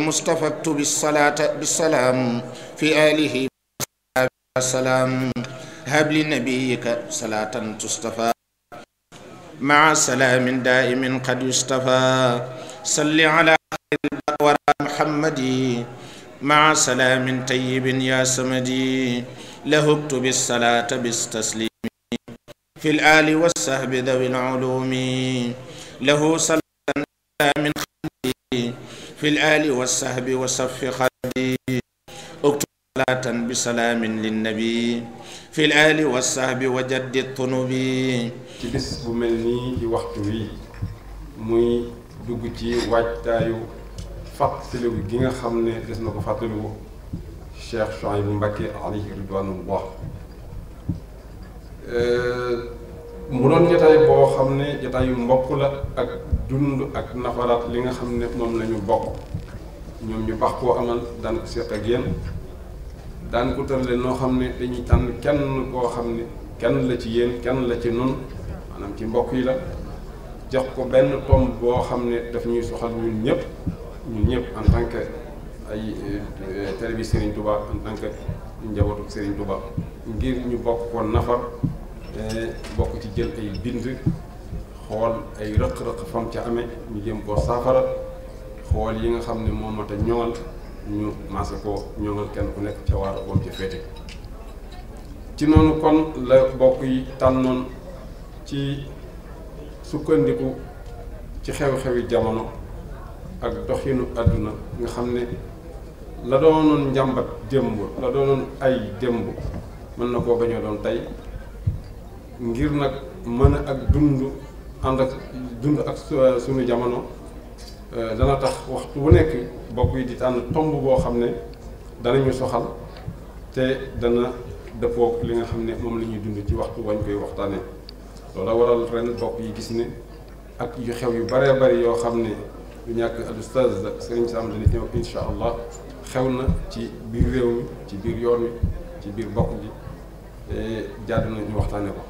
المصطفى بالصلاة بالسلام في آله والسلام هب لنبيك صلاة تستفى مع سلام دائم قد يستفى صل على الورى محمد مع سلام طيب يا سمدي لهبت بالصلاة بالتسليم في الآل والسهب ذوي العلوم له صلاة من خير في الآل والصحب وصف خدي اكتب صلاة بسلام للنبي في الآل والصحب وجد الطنوب ci bis bu mel nii di waxtu wi muy dugg ci waajtaayu fàttaliku gi nga xam ne des na ko fàttaliku Cheikh Chouaïbou Mbacké alayhi ridwanullah mu doon jotaay boo xam ne jotaayu mbokk la ak dund ak nafaraat li nga xam ne moom la bokk ñoom ñu bax koo amal daan ko seet ak yéen daan ko tërale noo xam ne dañuy tànn kenn koo xam ne kenn la ci yéen kenn la ci nun maanaam ci mbokk yi la jox ko benn tomb boo xam ne daf ñuy soxal ñun ñëpp ñun ñëpp en tant que ay euh, euh, télévision Serigne Touba en tant que njabootu Serigne Touba ngir ñu bokk ko nafar Eh, bokk ci jël ay bind xool ay rëq-rëq fam ca amee ñu jëm koo saafara xool yi nga xam ne moo mat a ñoŋal ñu maase koo ñoŋal kenn ku nekk ca waar boom ca féete ci noonu kon la bokk yi tànnoon ci sukkandiku ci xew-xewi jamono ak doxinu àdduna nga xam ne la doonoon njàmbat démb la doonoon ay démb mën na koo bañoo doon tey ngir nag mën ak dund ànd ak dund ak euh, suñu jamono euh, dana tax waxtu wu nekk bokk yi di tànn tomb boo xam ne danañu soxal te dana dëppoo li nga xam ne moom la ñuy dund ci waxtu wañ koy waxtaanee loola waral ren bokk yi gis ne ak yu xew yu baree bari yoo xam ne du ñàkk al ustaz sëriñ Sam dana ñëw insha allah xew na ci biir réew mi ci biir yoon wi ci biir bokk bi jaadu na ñu waxtaanee ko.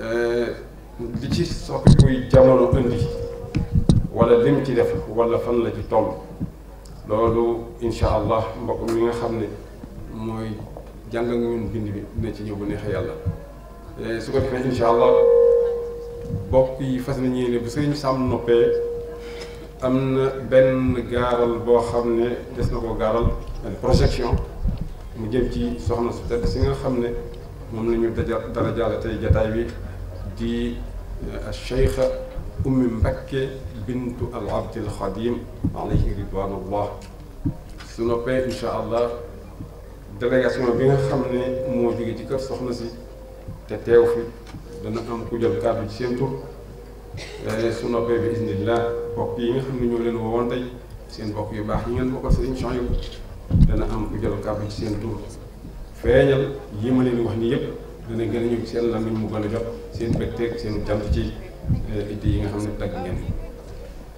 li ci soppikuy jamono indi wala lim ci def wala fan la ci toll loolu incha allah mbokk mi nga xam ne mooy jàng nga ñun bind bi dina ci ñëw bu neexee yàlla su ko defee incha allah bokk yi fas nañu ne bu sëriñ sàmm noppee am na benn gaaral boo xam ne des na ko gaaral projection mu jëm ci soxna su tedd si nga xam ne moom la ñu dara jaale tey jataay bi دي الشيخة أم مبكة بنت العبد الخديم عليه رضوان الله سنوبي إن شاء الله دلقة سنوبي خمني موجود ديكر سخنزي تتاو في دانا أم كجل كابل سينتو آه، سنوبي بإذن الله بقية خمني نولين ووانتي سين بقية باحيين بقصر إن شاء الله دانا أم كجل كابل سينتو فاينل يمني الوحنيب دانا جلني بسيالة من مغلقات seen mbégteeg seen jant ci euh, itte yi nga xam ne dagg ngeen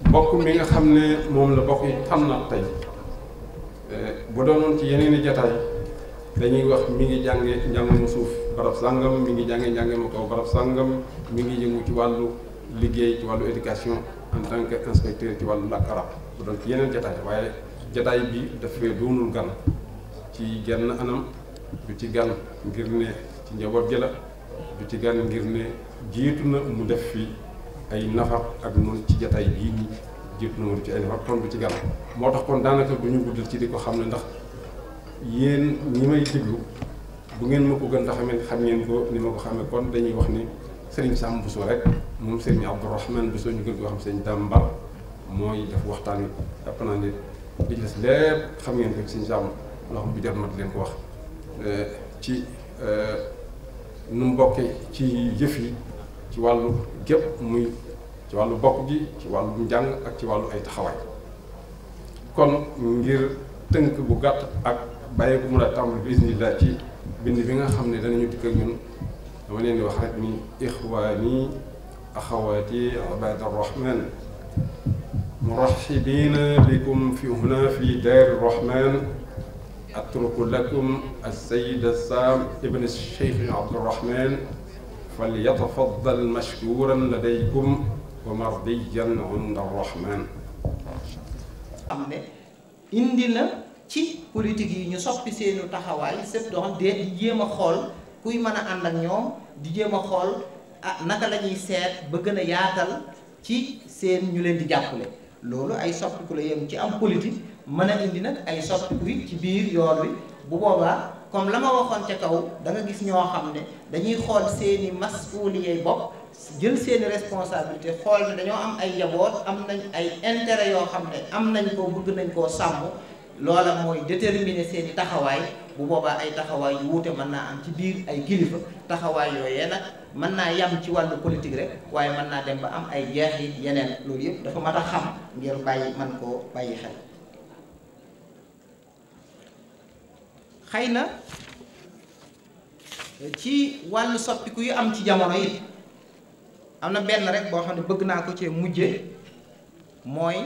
mbokk mi nga xam ne moom la bokk yi tànn na tey euh, bu doonoon ci yeneen i jataay dañuy wax mi ngi jànge njàngamu suuf barab sàngam mi ngi jànge njàngamu kaw barab sàngam mi ngi yëngu ci wàllu liggéey ci wàllu éducation en tant que inspecteur ci wàllu làkk arab bu doon ci yeneen jataay waaye jataay bi dafay doonul gan ci genn anam du ci gan ngir ne ci njaboot gi bu ci gan ngir ne jiitu na mu def fii ay nafar ak noonu ci jataay bii nii jiitu na mu def ci ay nafar kon du ci gan moo tax kon daanaka du ñu guddal ci di ko xam ne ndax yéen ñi may déglu bu ngeen ma ko gën a xamee xam ngeen ko ni ma ko xamee kon dañuy wax ni Serigne Sam Bousso rek moom Serigne Abdourahmane Bousso ñu gën koo xam Serigne Dame Mbal mooy def waxtaan wi jàpp naa ne li des lépp xam ngeen ko Serigne Sam ndax bu jar mat leen ko wax eh, ci. Eh, nu mu bokkee ci jëf yi ci wàllu gépp muy ci wàllu bokk gi ci wàllu njàng ak ci wàllu ay taxawaay kon ngir tënk bu gàtt ak bàyyi bu mu la tàmbali bismillah ci bind bi nga xam ne danañu dikk ak ñun dama leen di wax rek ni ixwaani axawaati ibaad arrahman muraxibiina bikum fi huna fi daari rahman أترك لكم السيد السام ابن الشيخ عبد الرحمن فليتفضل مشكورا لديكم ومرضيا عند الرحمن am ne indi na ci politique yi ñu soppi seenu taxawaay c'est donc de di jéem a xool kuy mën a ànd ak ñoom di jéem a xool ah naka la ñuy seet ba gën a yaatal ci seen ñu leen di jàppale loolu ay soppiku la yem ci am politique mën a indi nag ay soppiku ci biir yoon wi bu boobaa comme la ma waxoon ca kaw da gis ñoo xam ne dañuy xool seeni masuuliyey bopp jël seeni responsabilité xool ne dañoo am ay njaboot am nañ ay intérêt yoo xam ne am nañ ko bëgg nañ koo sàmm loola mooy déterminer seeni taxawaay bu boobaa ay taxawaay yu wuute mën naa am ci biir ay kilifa taxawaay yooyee nag mën naa yam ci wàllu politique rek waaye mën naa dem ba am ay jeexit yeneen loolu yëpp dafa mat a xam ngir bàyyi mën koo bàyyi xel xëy na eh, ci wàllu soppiku yu am ci jamono yi am na benn rek boo xam ne bëgg naa ko cee mujje mooy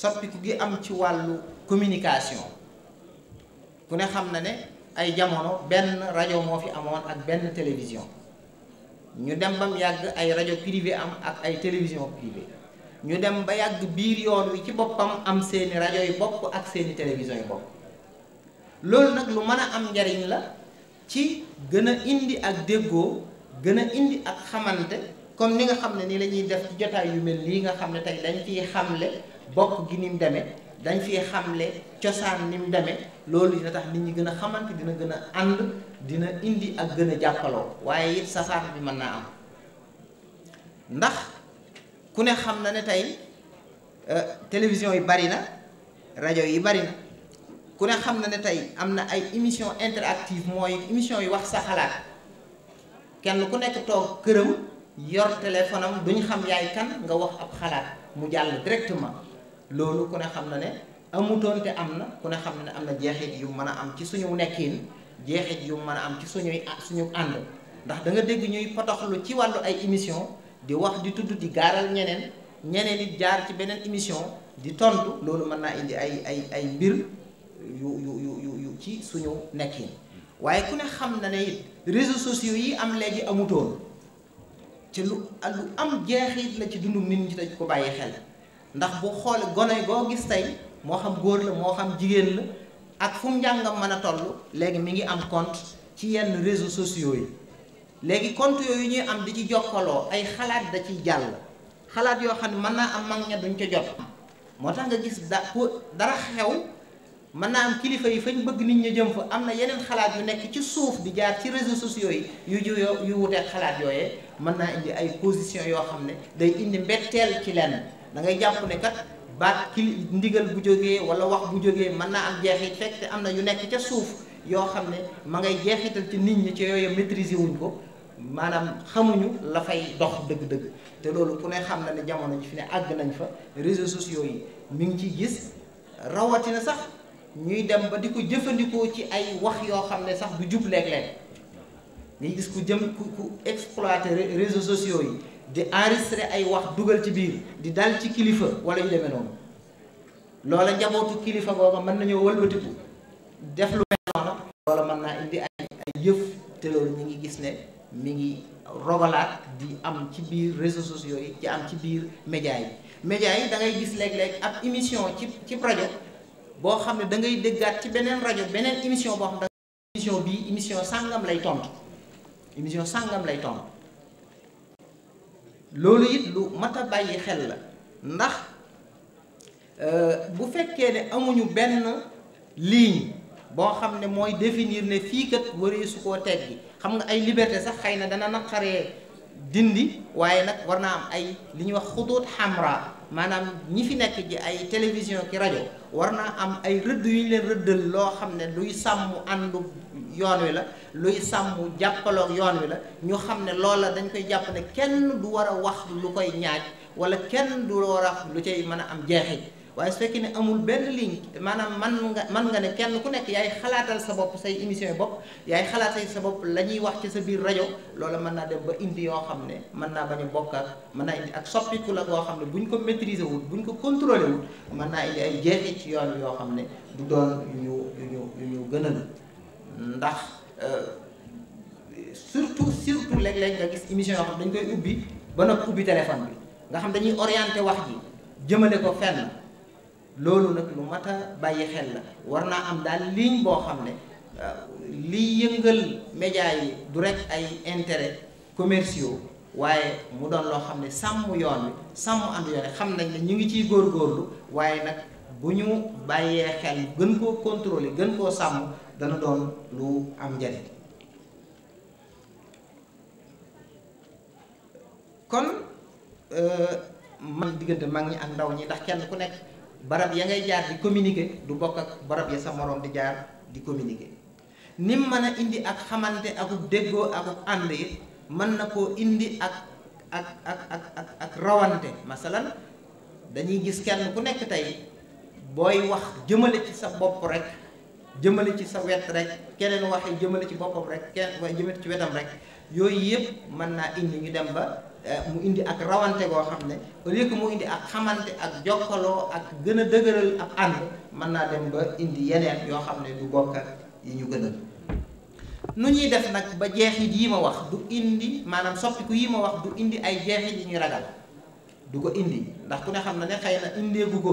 soppiku gi am ci wàllu communication ku ne xam na ne ay jamono benn rajo moo fi amoon ak benn télévision ñu dem ba mu yàgg ay rajo privé am ak ay télévision privé ñu dem ba yàgg biir yoon wi ci boppam am seeni rajo yi bopp ak seeni télévision yi bopp loolu nag lu mën a am njariñ la ci gën a indi ak déggoo gën a indi ak xamante comme ni nga xam ne nii lañuy ñuy def ci jotaay yu mel lii nga xam ne tey dañ fiy xamle bokk gi ni mu demee dañ fi xamle cosaan ni mu demee loolu dina tax nit ñi gën a xamante dina gën a ànd dina indi ak gën a jàppaloo waaye it sasaan bi mën naa am ndax ku ne xam na ne tey euh, télévision yi bari na rajo yi bari na. ku ne xam na ne tey am na ay émission interactive mooy émission yu wax sa xalaat kenn ku nekk toog këram yor téléphone am duñ xam yaay kan nga wax ab xalaat mu jàll directement loolu ku ne xam na ne amutoon te am na ku ne xam ne am na jeexit yu mën a am ci suñu nekkin jeexit yu mën a am ci suñuy suñu ànd ndax da nga dégg ñuy potoxlu ci wàllu ay émission di wax di tudd di gaaral ñeneen ñeneen it jaar ci beneen émission di tontu loolu mën naa indi ay ay ay mbir yu yu yu yu ci suñu nekkin waaye ku ne xam na ne it réseaux sociaux yi am léegi amutoon ci lu lu am jeexit la ci dundum nit ñi dañ ko bàyyi xel ndax bu xoole gone goo gis tey moo xam góor la moo xam jigéen la ak fu mu njàngam mën a toll léegi mi ngi am compte ci yenn réseau sociaux yi léegi compte yooyu ñuy am di ci jokkaloo ay xalaat da ciy jàll xalaat yoo xam ne mën naa am mag ña duñ ca jot moo tax nga gis da dara xew mën naa am kilifa yi fa fañ bëgg nit ñi jëm fa am na yeneen xalaat yu nekk ci suuf di jaar ci réseaux sociaux yi yu ju yu wuteeg xalaat yooyee mën naa indi ay position yoo xam ne day indi mbetteel ci leen da ngay jàpp ne kat baat kili ndigal bu jógee wala wax bu jógee mën naa am jeexit fekk te am na yu nekk ca suuf yoo xam ne ma ngay jeexital ci nit ñi ci yooyu maîtriser ko maanaam xamuñu la fay dox dëgg-dëgg te loolu ku ne xam na ne jamono ji fi ne àgg nañ fa réseaux sociaux yi mi ngi ciy gis ñuy dem ba di ko jëfandikoo ci ay wax yoo xam ne sax du jub léeg-léeg ngay gis ku jëm ku ku exploiter réseaux sociaux yi di enregistrer ay wax dugal ci biir di dal ci kilifa wala ñu demee noonu loola njabootu kilifa googa mën nañoo wëlbatiku def lu mel noonu loola mën naa indi ay ay yëf te loolu ñu ngi gis ne mi ngi rogalaat di am ci biir réseaux sociaux yi ci am ci biir média yi média yi dangay gis léeg-léeg ab émission ci ci boo xam ne da ngay déggaat ci beneen rajo beneen émission boo xam ne émission bii émission sàngam lay tontu émission sàngam lay tontu loolu it lu mat a bàyyi xel la ndax euh, bu fekkee ne amuñu benn ligne boo xam ne mooy définir ne fii kat waree su koo teggi xam nga ay liberté sax xëy na dana naqaree dindi waaye nag war naa am ay li ñuy wax xuduut xamra maanaam ñi fi nekk ji ay télévision ki rajo war naa am ay rëdd yu ñu leen rëddal loo xam ne luy sàmmu àndu yoon wi la luy sàmm jàppaloog yoon wi la ñu xam ne la dañ koy jàpp ne kenn du war a wax lu koy ñaaj wala kenn du war a lu cay mën a am jeexi waaye su fekkee ne amul benn ligne maanaam man nga man nga ne kenn ku nekk yaay xalaatal sa bopp say émission yi bopp yaay xalaatal sa bopp la ñuy wax ci sa biir rajo loola mën naa dem ba indi yoo xam ne mën naa bañ a bokk mën naa indi ak soppiku la goo xam ne buñ ko maîtriser wul buñ ko contrôler mën naa indi ay jeexit ci yoon yoo xam ne du doon yu ñu yu ñu yu ñu gënal ndax euh, surtout surtout léeg-léeg nga gis émission yoo xam ne dañ koy ubbi ba noppi ubbi téléphone bi nga xam dañuy orienté wax ji jëmale ko fenn. loolu nag lu mat a bàyyi xel la war naa am daal liiñ boo xam ne euh, li yëngal média yi du rekk ay intérêts commerciaux waaye mu doon loo xam ne sàmm yoon wi sàmm ànd yoon xam nañ ne ñu ngi ciy góorgóorlu waaye nag bu ñu bàyyee xel gën koo contrôler gën koo sàmm dana doon lu am njariñ kon euh, man diggante mag ñi ak ndaw ñi ndax kenn ku nekk barab ya ngay jaar di communiquer du bok ak barab ya sa morom di jaar di communiquer nim mana indi ak xamanté ak déggoo ak andé man nako indi ak ak ak ak ak ak rawanté masalan dañuy gis kenn ku nek tay boy wax jëmele ci sa bop rek jëmele ci sa wét rek keneen waxe jëmele ci boppam rek keneen jëmele ci wétam rek yoy man na indi ñu dem ba Eh, mu indi ak rawante goo xam ne au mu indi ak xamante ak jokkaloo ak gën a dëgëral ak ànd mën naa dem ba indi yeneen yoo xam ne du bokk ak yi ñu a nu ñuy def nag ba jeexit yi ma wax du indi maanaam soppiku yi ma wax du indi ay jeexit yi ñuy ragal du ko indi ndax ku ne xam na ne xëy na indeegu ko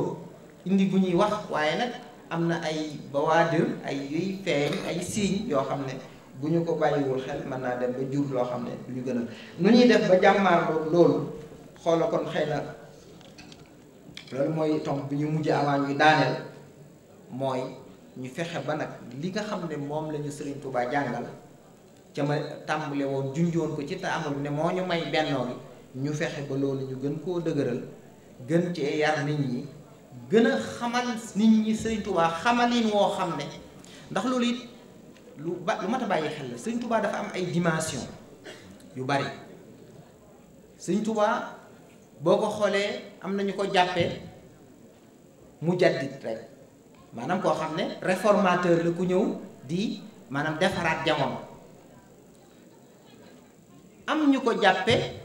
indi bu ñuy wax waaye nag am na ay bawaadir ay yuy feeñ ay signe yoo xam ne bu ñu ko bàyyiwul xel mën naa dem ba jur loo xam ne du ñu gënal nu ñuy def ba jàmmaarloog loolu xoola kon xëy na loolu mooy tomb bi ñu mujj avant ñuy daaneel mooy ñu fexe ba nag li nga xam ne moom lañu ñu Serigne jàngal ca ma tàmbale woon junjoon ko ci taamul ne moo ñu may bennoo ñu fexe ba loolu ñu gën koo dëgëral gën cee yar nit ñi gën a xamal nit ñi Serigne Touba xamalin woo xam ne ndax loolu it lu ba lu mat a xel la sëñ dafa am ay dimension yu bari sëñ touba boko xolé am nañu ko jappé mu jaddit rek manam ko xamné ne réformateur le ku ñew di manam defarat jamono am ñu ko jappé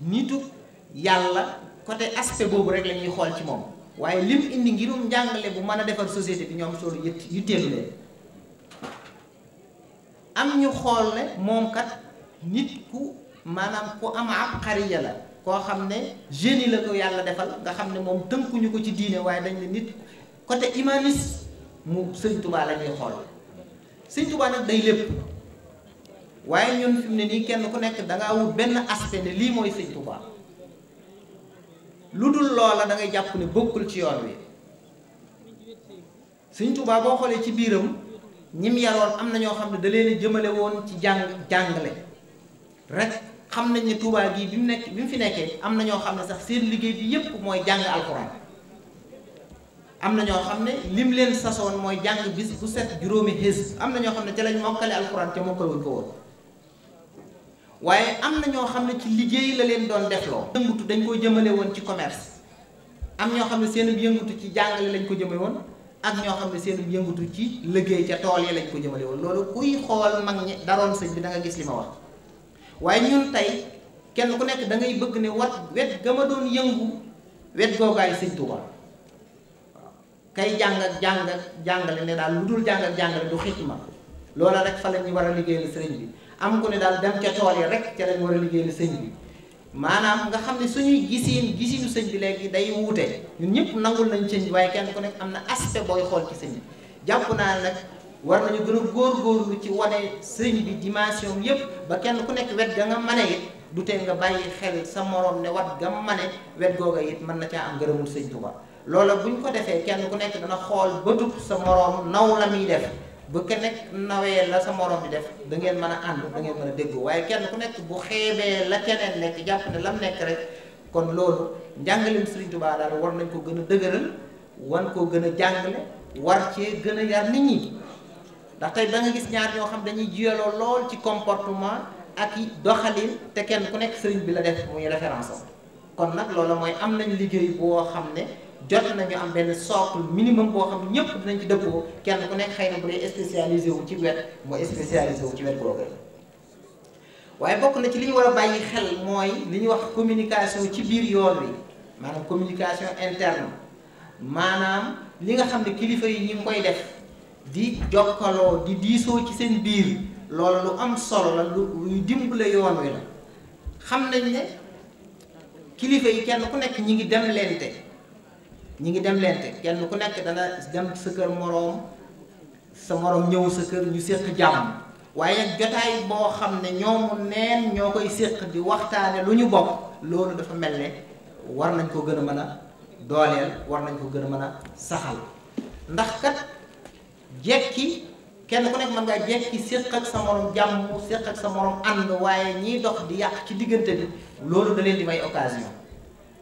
nitu yalla, côté aspect bobu rek le xol ci mom waye lim indi ngirum njàngale bu mëna défar société bi ñom solo yët yu am ñu xool ne moom kat nit ku maanaam ku am ab xariya la koo xam ne génie la ko yàlla defal nga xam ne moom tënkuñu ko ci diine waaye dañ ne nit côté humaniste mu sëñ tubaa la ñuy xool sëñ tubaa nag day lépp waaye ñun fi mu ne nii kenn ku nekk dangaa wut benn aspect ne lii mooy sëñ tubaa lu dul loola da ngay jàpp ne bokkul ci yoon wi sëñ tubaa boo xoolee ci biiram ñim yaroon am na ñoo xam ne da leen a jëmale woon ci jàng jàngale rek xam nañ ne Touba gii bi mu nekk bi mu fi nekkee am na ñoo xam ne sax seen liggéey bi yëpp mooy jàng alxuraan am na ñoo xam ne lim leen sasoon mooy jàng bis bu set juróomi xis am na ñoo xam ne ca lañ mokkale alxuraan ca mokkal wuñ ko woon waaye am na xam ne ci liggéey la leen doon defloo yëngutu dañ ko jëmale woon ci commerce am ñoo xam ne seen yëngutu ci jàngale lañ ko jëmale woon ak ñoo xam ne seen yëngatu ci liggéey ca tool yi lañ ko jëmale woon loolu kuy xool mag ñi daroon sëñ bi da gis li ma wax waaye ñun tey kenn ku nekk da ngay bëgg ni wat wet ga ma doon yëngu wet googaay sëñ Tuuba waaw kay jàng ak jàng ak jàngale ne daal lu dul jàng ak jàngale du xikma loola rek fa la war a liggéeyal sëñ bi am ku ne daal dem ca tool yi rek ca lañ war a liggéeyal sëñ bi maanaam nga xam ne suñuy gisiin gisiinu sëñ bi léegi day wuute ñun ñëpp nangul nañ sëñ bi waaye kenn ku nekk am na aspect booy xool ci sëñ bi jàpp naa nag war nañu gën a góorgóorlu ci wane sëñ bi dimension ba kenn ku nekk wet ga nga mane it du tee nga bàyyi xel sa moroom ne wat ga mane wet googa it mën na caa am ngërëmul sëñ Tuubaa loola buñ ko defee kenn ku nekk dana xool bëtub sa moroom naw la def bu ke nekk nawee la sa morom bi def da ngeen mën a ànd da ngeen mën a déggoo waaye kenn ku nekk bu xeebee la keneen nekk jàpp ne lam nekk rek kon loolu njàngalim Sëriñ Tuubaa daal war nañ koo gën a dëgëral wan koo gën a jàngale war cee gën a yar nit ñi ndax tey da gis ñaar yoo xam dañuy jiyaloo lool ci comportement ak doxalin te kenn ku nekk sëriñ bi la def muy référence am kon nag loolu mooy am nañ liggéey boo xam ne jot nañu am benn socle minimum boo xam ñëpp dinañ ci dëppoo kenn ku nekk xëy na bu dee spécialisé wu ci wet mooy spécialisé wu ci wet googu waaye bokk na ci li ñu war a bàyyi xel mooy li ñuy wax communication ci biir yoon wi maanaam communication interne maanaam li nga xam ne kilifa yi ñu ngi koy def di jokkaloo di diisoo ci seen biir loolu lu am solo la lu luy dimbale yoon wi la xam nañ ne kilifa yi kenn ku nekk ñi ngi dem lente ñi ngi dem lente kenn ku nekk dana dem sa kër moroom sa moroom ñëw sa kër ñu séq jàmm waaye nag jotaay boo xam ne ñoomu neen ñoo koy séq di waxtaane lu ñu bokk loolu dafa mel ne war nañ ko gën a mën a dooleel war nañ ko gën a mën a saxal ndax kat jekki kenn ku nekk mën ngaa jekki séq ak sa morom jàmm séq ak sa morom ànd waaye ñiy dox di yàq ci diggante bi loolu da leen di may occasion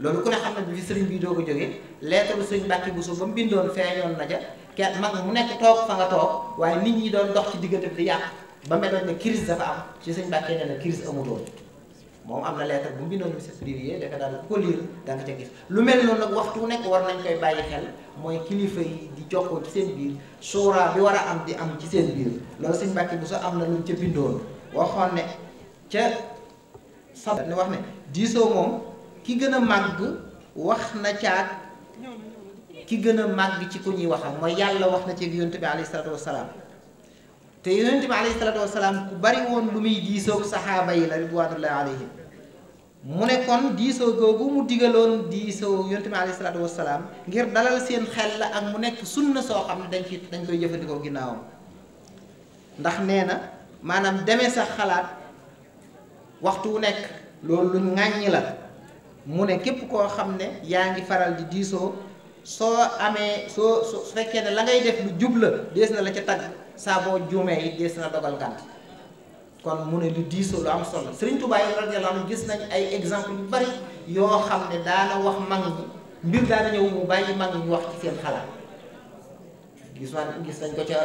loolu ko ne xam ne bi fi sëriñ bi doog ko jógee lettre bu sëriñ Mbàkke Buso ba mu bindoon feeñoon na ja kenn mag mu nekk toog fa nga toog waaye nit ñi doon dox ci diggante bi di yàq ba meloon ne crise dafa am ci sëriñ Mbàkke nee na moom am na lettre bu mu bindoon monsieur Privier defe daal ku ko liir da nga ca gis lu mel noonu nag waxtu nekk war nañ koy bàyyi xel mooy kilifa yi di jokkoo ci seen biir suuraa bi war a am di am ci seen biir loolu sëriñ Mbàkke Buso am na luñ ca bindoon waxoon ne ca sab ne wax ne diisoo moom ki gën a màgg wax na caag ki gën a màgg ci ku ñuy waxal mooy yàlla wax na ci yonent bi alayhi salaatu wasalaam te yonent bi alayhi salaatu wasalaam bari woon lu muy diisoog saxaaba yi la ridwanullahi alayhim mu ne kon diisoo googu mu digaloon diisoo yonent bi alayhi salaatu wasalaam ngir dalal seen xel la ak mu nekk sunna soo xam ne dañ dañ koy jëfandikoo ginnaawam ndax nee na maanaam demee sax xalaat waxtu wu nekk loolu lu ŋàññi la mu ne képp koo xam ne yaa ngi faral di diisoo soo amee soo su fekkee ne la ngay def lu jub la dees na la ca tag saa boo juumee it dees na dogal gànt kon mu ne lu diisoo lu am solo Sëriñ Tuubaa yi radiyallaahu gis nañ ay exemple yu bari yoo xam ne daana wax mag ñi mbir daana ñëw mu bàyyi mag ñi wax ci seen xalaat gis nañ ko ca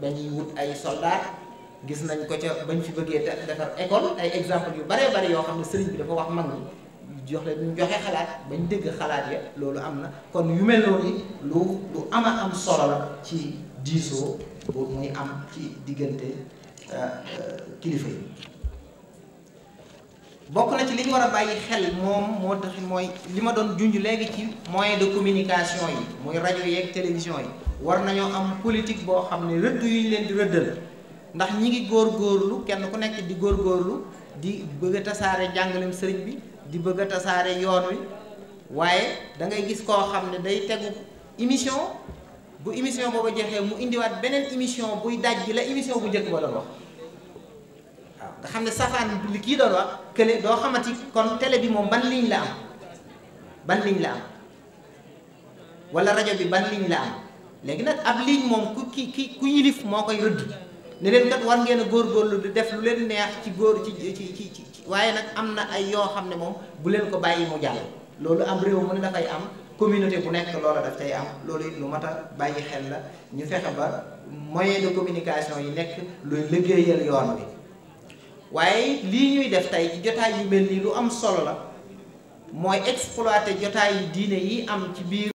ba ñuy wut ay soldat gis nañ ko ca bañ fi bëggee defar école ay exemple yu baree bari yoo xam ne sëriñ bi dafa wax mag ñi jox leen joxe xalaat bañ dégg xalaat ya loolu am na kon yu mel noonu lu lu ama am solo la ci diisoo boobu muy am ci diggante euh, euh, kilifa yi bokk na ci li ñu xel moom moo tax mooy li ma doon junj léegi ci moyen de communication yi muy rajo yeeg télévision yi war nañoo am politique boo xam ne rëdd yu leen di rëddal ndax ñi ngi góor góorlu kenn ku nekk di góor góorgóorlu di bëgg a tasaare jàngaleem sëriñ bi di bëgg a tasaare yoon wi waaye da ngay gis koo xam ne day tegu émission bu émission booba jeexee mu indiwaat beneen émission buy daj la émission bu njëkk ba doon wax waaw nga xam ne safaan li kii doon wax kële doo xamati kon télé bi moom ban ligne la am ban ligne la am wala rajo bi ban ligne la am léegi nag ab ligne moom ku ki ku yilif moo koy rëdd ne leen kat war ngeen góor góorgóorlu di def lu leen neex ci góor ci ci ci. waaye nag am na ay yoo xam ne moom bu leen ko bàyyi mu jàll loolu am réew mu ne dafay am communité bu nekk loola daf tey am loolu it lu mat a bàyyi xel la ñu fexe ba moyen de communication yi nekk luy liggéeyal yoon bi waaye lii ñuy def tey jotaay yu mel nii lu am solo la mooy exploiter jotaay yi diine yi am ci biir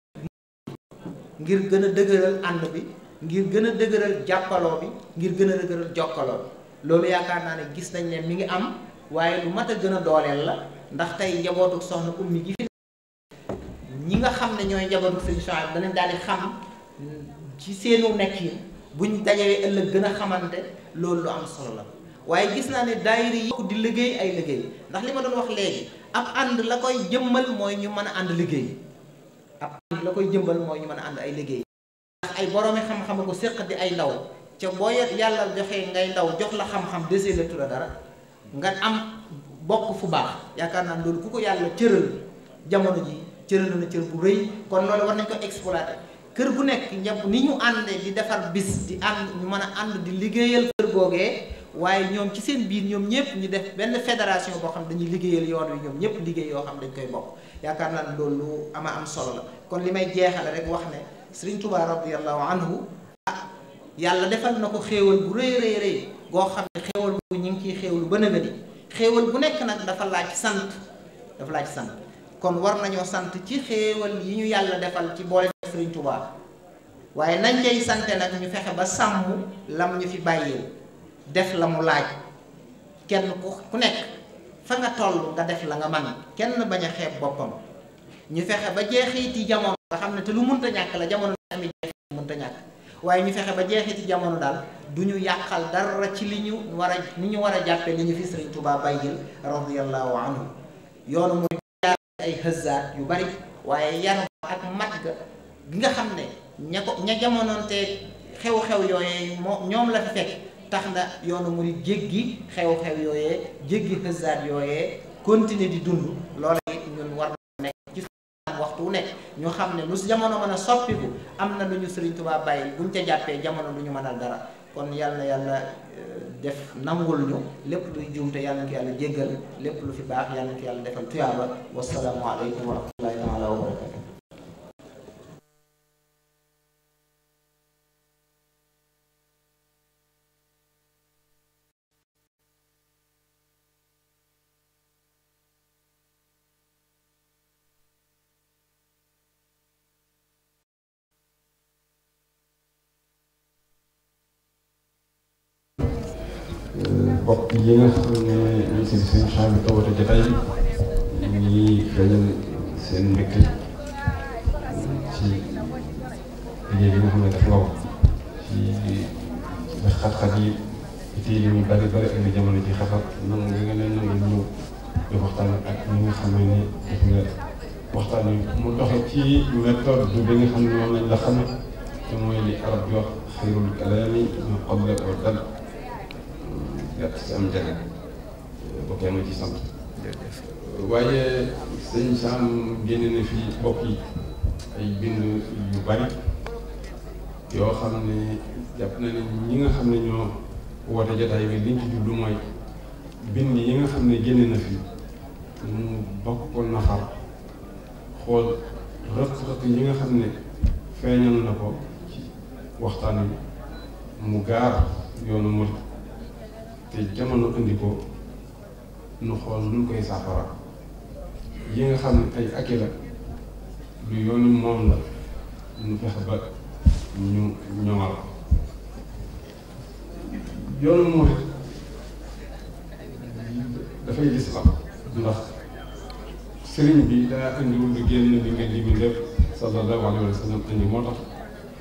ngir gën a dëgëral ànd bi ngir gën a dëgëral jàppaloo bi ngir gën a dëgëral jokkaloo loolu yaakaar naa ne gis nañ ne mi ngi am waaye lu mat a gën a dooleel la ndax tey njabootu soxna ummi gi fi ñi nga xam ne ñooy njabootu sëñ Souhaïbou danañ daal di xam ci seenu nekk yi buñ dajawee ëllëg gën a xamante loolu lu am solo la waaye gis naa ne daayira yi di liggéey ay liggéey ndax li ma doon wax léegi ab ànd la koy jëmmal mooy ñu mën a ànd liggéey ab ànd la koy jëmbal mooy ñu mën a ànd ay liggéey ndax ay boroomi xam-xam ko séq di ay ndaw ca boo yet yàlla joxee ngay ndaw jox la xam-xam la dara nga am bokk fu baax yaakaar naa loolu ku ko yàlla cëral jamono ji cëral na cër bu rëy kon loolu war nañ ko exploité kër bu nekk ñëpp ni ñu ànde di defar bis di ànd ñu mën a ànd di liggéeyal kër googee waaye ñoom ci seen biir ñoom ñëpp ñu def benn fédération boo xam dañuy liggéeyal yoon wi ñoom ñëpp liggéey yoo xam dañ koy bokk yaakaar naa loolu lu ama am solo la kon li may jeexale rek wax ne Sëriñ Tuubaa radiyallahu anhu ah, yàlla defal na ko xéewal xewal bu ñing ci xewul xéewlu ba di xewal bu nek nak dafa laaj sante dafa laaj sante kon war nañu sante ci xewal yi ñu yalla defal ci boole serigne touba waye nañ cey sante nak ñu fexé ba sammu lam ñu fi bayé def la mu laaj kenn ku ku nek fa nga tollu nga def la nga man kenn baña xeb bopam ñu fexé ba jeexiti jamono nga xamne te lu mënta ñak la jamono ami jeexit mënta ñak waaye ñu fexe ba jeexee ci jamono daal du ñu yàqal dara ci li ñu war a ni ñu war a jàppee li ñu fi Sëriñ Tuubaa bàyyil radiyallahu anhu yoonu mu jaar ay xëzaat yu bari waaye yar ak mat ga gi nga xam ne ña ko ña xew-xew yooyee ñoom la fi fekk tax na yoonu mu jéggi xew-xew yooyee jéggi xëzaat yooye continuer di dund loola waxtu wu ne ñu xam ne lu jamono mën a soppiku am na lu ñu Sëriñ Tuubaa bàyyi ñu ca jàppee jamono lu ñu mën a dara kon yàlla yàlla euh, def nangul ñu lépp luy juumte yàlla na ko yàlla jéggal lépp lu fi baax yàlla na ko yàlla defal tuyaaba wasalaamu aleykum wa rahmatullahi taala wa barakatu bokk yi nga xam ne ñu si seen changement taw te jotaay ñu ngi feeñal seen mbégte ci liggéey bi nga xam ne def nga ko ci ndax xat-xat yi itti li mu bari bari ak li jamono ji xat-xat nan nga nga leen nangu ñëw di waxtaan ak ñi nga xam ne ni def nga waxtaan mu doxe ci méthode bi nga xam ne moom lañ la xame te mooy li arab di wax xayrul kalaami mu qalla wa dal nekk si am njëriñ bokk ma ci sant waaye sëñ Sam génne na fii bokk yi ay bind yu bari yoo xam ne jàpp na ne ñi nga xam ne ñoo woote jotaay bi liñ ci jublu mooy bind yi nga xam ne génne na fii mu bokk ko nafar xool rëq-rëq yi nga xam ne feeñal na ko ci waxtaan wi mu gaar yoonu murid te jamono indi ko nu xool nu koy safara yi nga xam ne tey aki la lu yoonu moom la ñu fexe ba ñu ñoŋal yoonu moom dafay gis la ndax sëriñ bi daa indiwul lu génn li nga ji bi lépp sallallahu alayhi wa sallam indi moo tax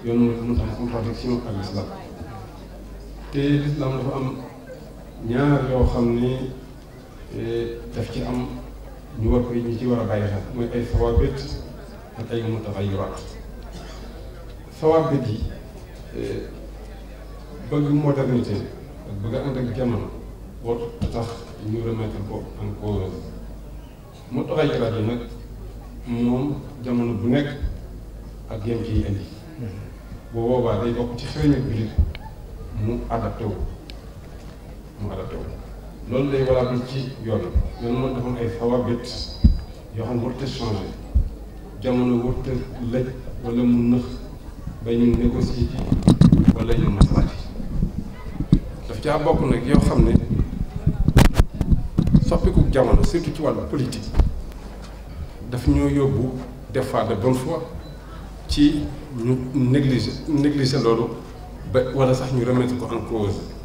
yoonu mu tax contradiction ak l'islam te l'islam dafa am ñaar yoo xam ni eh, daf ci am ñu war koy ñu ci war a bàyyi xel mooy ay sawaabit ak ay mutaxayyiraat sawaabit yi eh, bëgg modernité ak bëgg ànd ak jamono war tax ñu remettre ko yi nag moom jamono bu nekk ak yem ciy indi hmm. bu boobaa day bokk ci xereñu biir mu adapté ma adapté loolu lay valable ci yoon yoon moo defoon ay xawaabit yoo xam warut a changé jamono warut a ba ñu négocier ci wala ñu maslaati daf caa bokk nag yoo xam ne soppiku jamono surtout ci wàllu politique daf ñoo yóbbu des fois de bonne foi ci ñu négliger négliger loolu ba wala sax ñu remettre ko en cause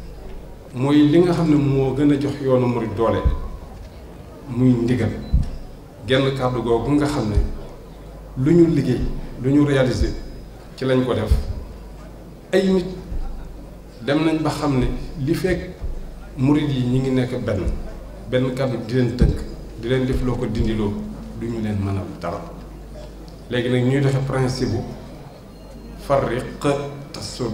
mooy li nga xam ne moo gën a jox yoonu murid doole muy ndigal genn kàddu googu nga xam ne lu ñu liggéey lu ñu réaliser ci lañ ko def ay nit dem nañ ba xam ne li fekk murid yi ñu ngi nekk benn benn kàddu di leen tënk di leen def loo ko dindiloo lu ñu leen mën a dara léegi nag ñuy doxe principe bu farriq tasud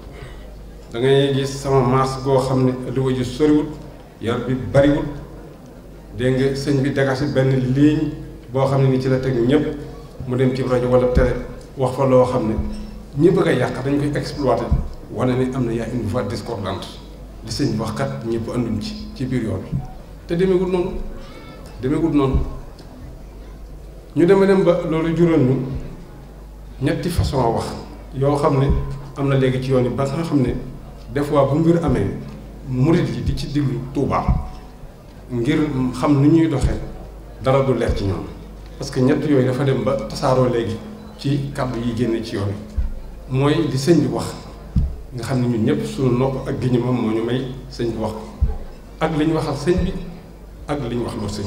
da ngay gis sama mars go xam ne ëlluwa sori wut yar bi wut de nga señ bi dagasi ben ligne bo xam ni ci la tek ñep mu dem ci radio wala télé wax fa lo xam ñi bëgg yaq dañ koy exploiter wane ni amna ya une voix discordante li señ wax kat bu andum ci ci bir yoon demé gul non demé gul non ñu deme dem ba lolu juroon ñu ñetti façon wax yo xam amna am ci yoni ba nga xam des fois bu mbir amee murit yi di ci diglu Tuubaa ngir xam nu ñuy doxee dara du leer ci ñoom parce que ñett yooyu dafa dem ba tasaaroo léegi ci kàddu yi génne ci yoon mooy li sëñ bi wax nga xam ne ñun ñëpp suñu nopp ak géñu moom moo ñu may sëñ bi wax ak li ñu waxal sëñ bi ak li ñu wax loolu sëñ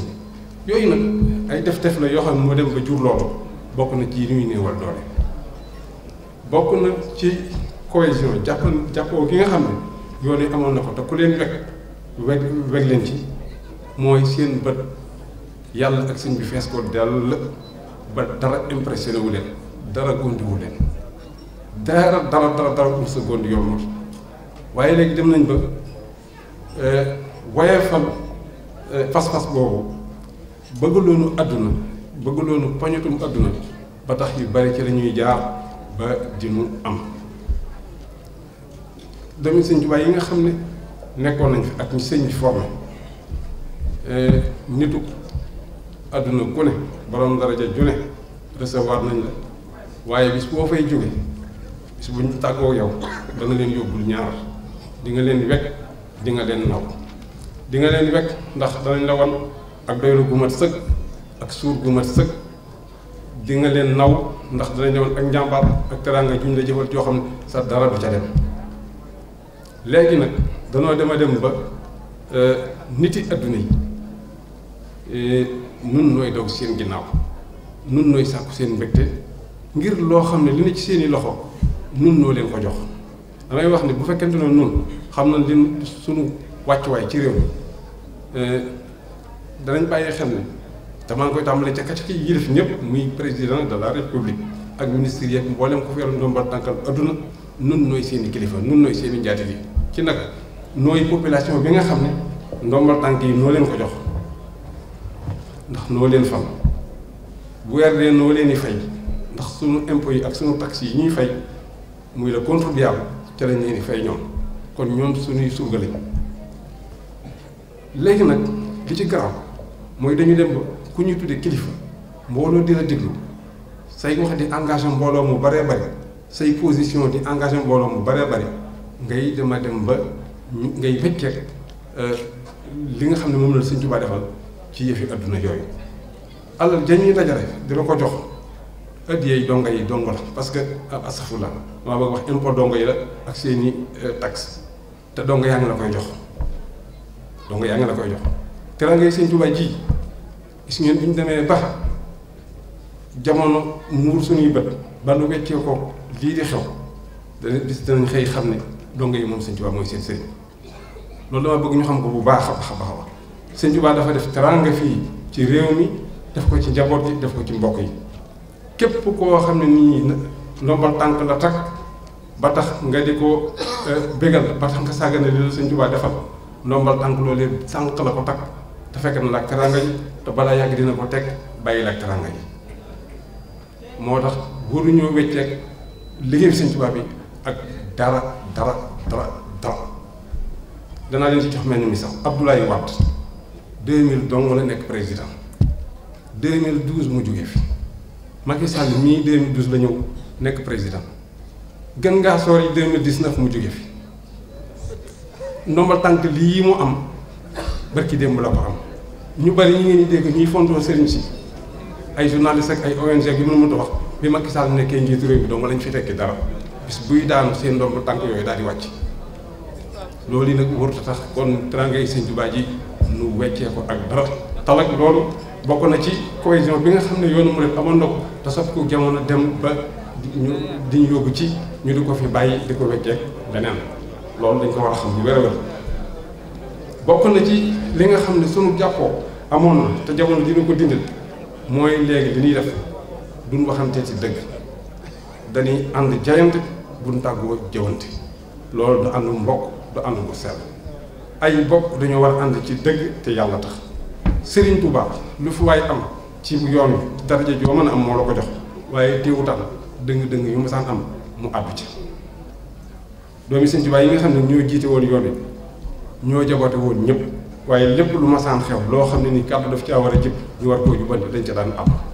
bi yooyu nag ay def-def la yoo xam ne moo dem ba jur loolu bokk na ci li ñuy néewal doole bokk na ci. cohésion jàpp jàppoo gi nga xam ne yoon yi amoon na ko te ku leen weg weg weg leen ci mooy seen bët yàlla ak sëñ bi fees ko ba dara impressionné leen dara gondi wu leen dara dara dara dara sa gondi yombul waaye léegi dem nañ ba euh, wayefal fas-fas euh, boobu bëggaloonu àdduna bëggaloonu pañatum àdduna ba tax yu bari ci la ñuy jaar ba mu am doomi sëñ Tuubaa yi nga xam ne nekkoon nañ fi ak ñu sëñ bi formé eh, nitu àdduna ku ne borom daraja ju ne recevoir nañ la waaye bis boo fay jóge bis bu ñu tàggoo yow danga leen yóbbul ñaar di nga leen wekk di nga leen naw di nga leen wekk ndax danañ la wan ak doylu gu mat sëkk ak suur gu mat sëkk di nga leen naw ndax danañ la wan ak njàmbaar ak teraanga juñ la jëfal joo xam ne sa dara du ca dem léegi nag danoo dema dem ba euh, niti adduna yi euh, nun nooy daw seen ginnaaw nun nooy sàkku seen mbégte ngir loo xam ne li ne ci seeni loxo nun noo leen ko jox damay wax ne bu fekkente ne nun xam na li sunu wàccuwaay ci réew mi euh, danañ bàyyi xel ne damaa ngi koy tàmbalee ca kàcc yi yilif ñëpp muy président de la république ak ministre yeeg mboolem ku fi yoroon ba tànkal adduna nun nooy seeni kilifa nun nooy seeni i njaatige ci nag nooy population bi nga xam ne ndongo tànk yi noo leen ko jox ndax noo leen fal bu weer dee noo leen di fay ndax suñu impôts yi ak suñu taxes yi ñuy fay muy la contribuable ca lañ leen di fay ñoom kon ñoom suñuy surga lañ léegi nag li ci garaaw mooy dañu dem ba ku ñu tuddee kilifa mbooloo di la déglu say wax di engagé mbooloo mu baree bari say position di engagé mbooloo mu baree bari ngay dama dem ba ngay wecceek euh, li nga xam ne moom la Sëñ Tuubaa defal ci yëfi adduna yooyu alal jañuy dajale dina ko jox ëdd yeey dongo yi dongo la parce que astafurlah maa bëgg wax impôt dongo yi la ak seeni euh, taxe te dongo yaa ngi la koy jox dongo yaa ngi la koy jox te la ngay Sëñ Tuubaa ji gis ngeen bi ñu demee ba jamono muur suñuy bët ba nu weccee ko lii di xew danañ xëy xam ne dongo yi moom sëñ Tuubaa mooy seen sëriñ loolu bëgg ñu xam ko bu baax a baax a baax sëñ Tuubaa dafa def teraanga fii ci réew mi def ko ci njaboot yi def ko ci mbokk yi képp koo xam ne nii ndombal tànk la takk ba tax nga di ko euh, bégal ba tax nga sàggane li la sëñ Tuubaa defal ndombal tànk loolee sànq la ko takk te fekk na la ak teraanga yi te balaa yàgg dina ko teg bàyyi la ak teraanga yi moo tax waruñoo wecceeg liggéey sëñ Tuubaa bi ak dara dara dara dara danaa leen ci jox mel ni misaal Abdoulaye Wade 2000 dong la nekk président 2012 mu jóge fi Macky Sall mii 2012 la ñëw nekk président gën ngaa sori 2019 mu jóge fi ndombal tànk lii mu am barki démb la ko am ñu bari ñi ngeen di dégg ñuy fontoo sëriñ si ay journalistes ak ay ONG ak yu mën mënta wax bi Macky Sall nekkee njiitu réew bi dong lañ fi tekki dara bis buy daanu seen ndomb tànk yooyu daal di wàcc loolu yi nag warut a tax kon terangay sëñ Tuubaa ji nu weccee ko ak dara talak loolu bokk na ci cohésion bi nga xam ne yoonu murid amoon na ko te sof ko jamono dem ba ñu di ñu yóbbu ci ñu di ko fi bàyyi di ko wecceek leneen loolu dañ ko war a xam bu wér bokk na ci li nga xam ne sunu jàppoo amoon na te jamono ji ñu ko dindil mooy léegi li ñuy def duñ waxante si dëgg dañuy ànd jayante buñ tàggoo jëwante loolu du ànd mbokk du ànd mu sell ay bokk dañoo war ànd ci dëgg te yàlla tax Serigne Touba lu fi waay am ci yoon wi daraja joo mën a am moo la ko jox waaye teewutal dëng yu mu am mu àddu ci doomi Serigne Touba yi nga xam ne ñoo jiite woon yoon yi ñoo jaboote woon ñëpp waaye lépp lu masaan xew loo xam ne ni kàddu daf caa war a jëpp ñu war koo jubante dañ ca daan àpp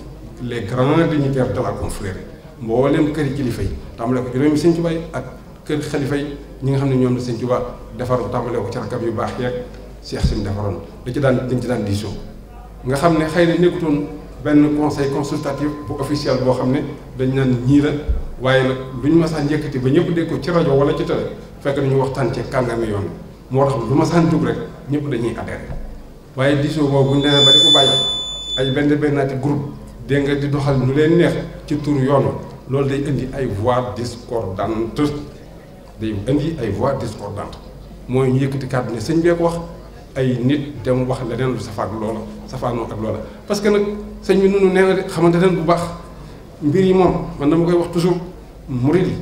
les grands dignitaires de la confrérie mboolem kër kilifa yi tàmbale ko juróomi sëñ Tuubaa ak kër xalifa yi ñi nga xam ne ñoom la sëñ Tuubaa defaroon tàmbale ko ci rakab yu baax yeeg seex seen defaroon da ci daan dañ ci daan diisoo nga xam ne xëy na nekkutoon benn conseil consultatif bu officiel boo xam ne dañu naan ñii la waaye nag lu ñu saa yëkkati ba ñëpp dégg ko ci rajo wala ci télé fekk nañu waxtaan ci kàngami yoon moo tax lu masaan jug rek ñëpp dañuy adhéré waaye diisoo boobu bu ñu demee ba di ko bàyyi ay benn bennaati groupe dégg di doxal nu leen neex ci tour yoon loolu day indi ay voix discordante day indi ay voix discordante mooy ñu yëkkati kàddu ne sëñ bee ko wax ay nit dem wax leneen lu safaak loola safaanoo ak loola parce que nag sëñ bi nunu nee na de xamante leen bu baax mbir yi moom man dama koy wax toujours murid yi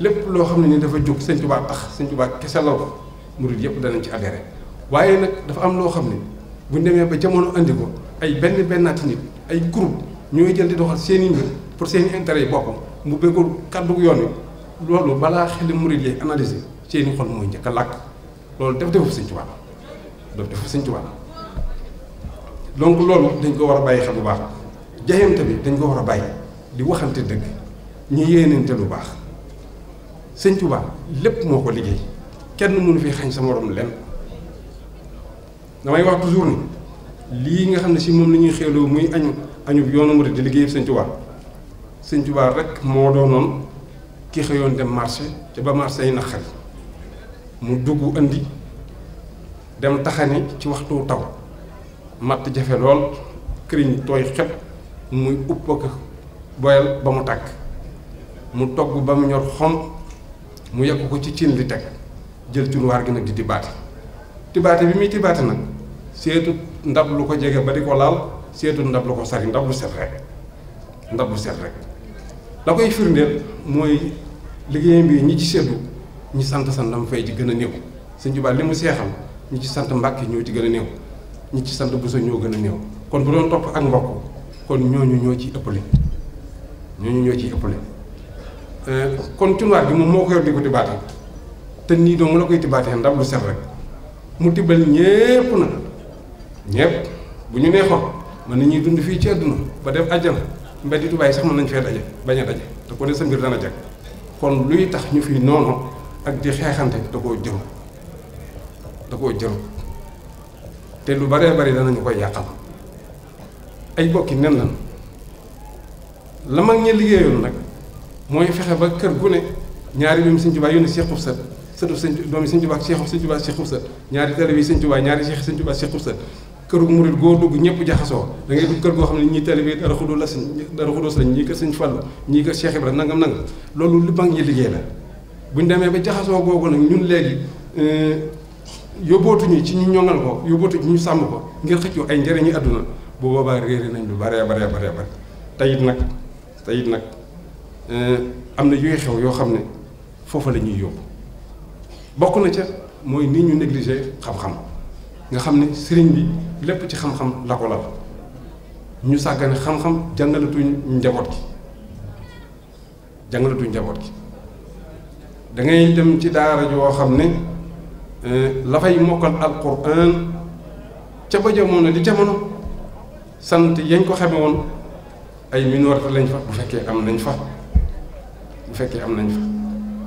lépp loo xam ne ni dafa jóg sëñ Tuubaa tax sëñ Tuubaa kese la ko murid yëpp danañ ci adhéré waaye nag dafa am loo xam ne buñ demee ba jamono andi ko ay benn bennaati nit ay groupe ñooy jël di doxal seeni i pour seeni i intérêt yi bopp mu bëggul kàddu yoon wi loolu balaa xeli murid yi analyser seen i xol mooy njëkk a làkk loolu def defu Sëñ Tuubaa def defu Sëñ Tuubaa donc loolu dañ ko war a bàyyi xel bu baax jaayante bi dañ ko war a bàyyi di waxante dëgg ñu yéenante lu baax Sëñ lépp moo ko liggéey kenn mënu fi xañ sa morom lenn damay wax toujours ni. lii nga xam ne si moom lañuy ñuy muy añu añu yoonu murid di liggéey Sëñ Tuubaa Sëñ Tuubaa rekk moo doonoon ki xëyoon dem marché ci ba marché yi naqari mu dugg andi dem taxani ci waxtu taw matt jafe lool këriñ tooy xepp muy upp ak boyal ba mu takk mu togg ba mu ñor xom mu yekk ko ci cin li teg jël cunwaar gi nag di tibaate tibaate bi muy tibaate nag seetu ndab lu ko jégué ba diko laal sétu ndab lu ko sari ndab lu sét rek ndab lu sét rek la koy firndel moy liggéeyam bi ñi ci sétu ñi sant lam fay ci gëna neew señ juba limu li ñi ci sant mbakk ñoo ci gëna neew ñi ci sant so ñoo gëna neew kon bu doon top ak mbokk kon ñooñu ñoo ci ëppale ñooñu ñoo ëppalé euh kon noir bi mo moko yor diko tibaté té ni do doo la koy tibaté ndab lu sét rek mu tibal ñepp nag ñëpp bu ñu nee neexoon mën nañuy dund fii ci àdduna ba def àjjana mbedd Dubaay sax mën nañ fee daje bañ a daje te ko ne sa mbir dana jag kon luy tax ñu fi noonu ak di xeexante da koo jëru da koo jëm te lu bare bari danañu koy yàqal ay bokki nen lan la mag ñi liggéeyoon nag mooy fexe ba kër gu ne ñaari doomi Sëñ Tuubaa yónni Seexub Sët sëtub sëñ doomi Sëñ Tuubaa Seexub Sëñ Tuubaa Seexub Sët ñaari télé bi Sëñ Tuubaa ñaari Seex Sëñ Tuubaa Seexub Sët këru murit goo dugg ñëpp jaxasoo da ngay kër goo xam ne ñii talibé dara xudoo la sëñ dara xudoo sëñ ñii kër sëñ Fallu ñii kër Cheikh Ibra nangam nangam loolu li mag ñi liggéey la buñ demee ba jaxasoo googu nag ñun léegi euh, yóbbootuñu ci ñu ñoŋal ko yóbbootu ci ñu sàmm ko ngir xëccoo ay njëriñu àdduna bu boobaa réere nañ lu baree baree baree bare tayit nag tayit nag euh, am na yooyu xew yoo xam ne foofu la ñuy yóbbu bokk na ca mooy nit ñu négligé xam-xam nga lépp ci xam-xam la ko lal ñu sàggane xam-xam jàngalatuñ njaboot gi jàngalatuñ njaboot gi da ngay dem ci daara yoo xam ne euh, la fay mokkal alquran ca ba jamono di jamono sant yañ ko xame woon ay minorité lañ fa bu fekkee am nañ fa bu fekkee am nañ fa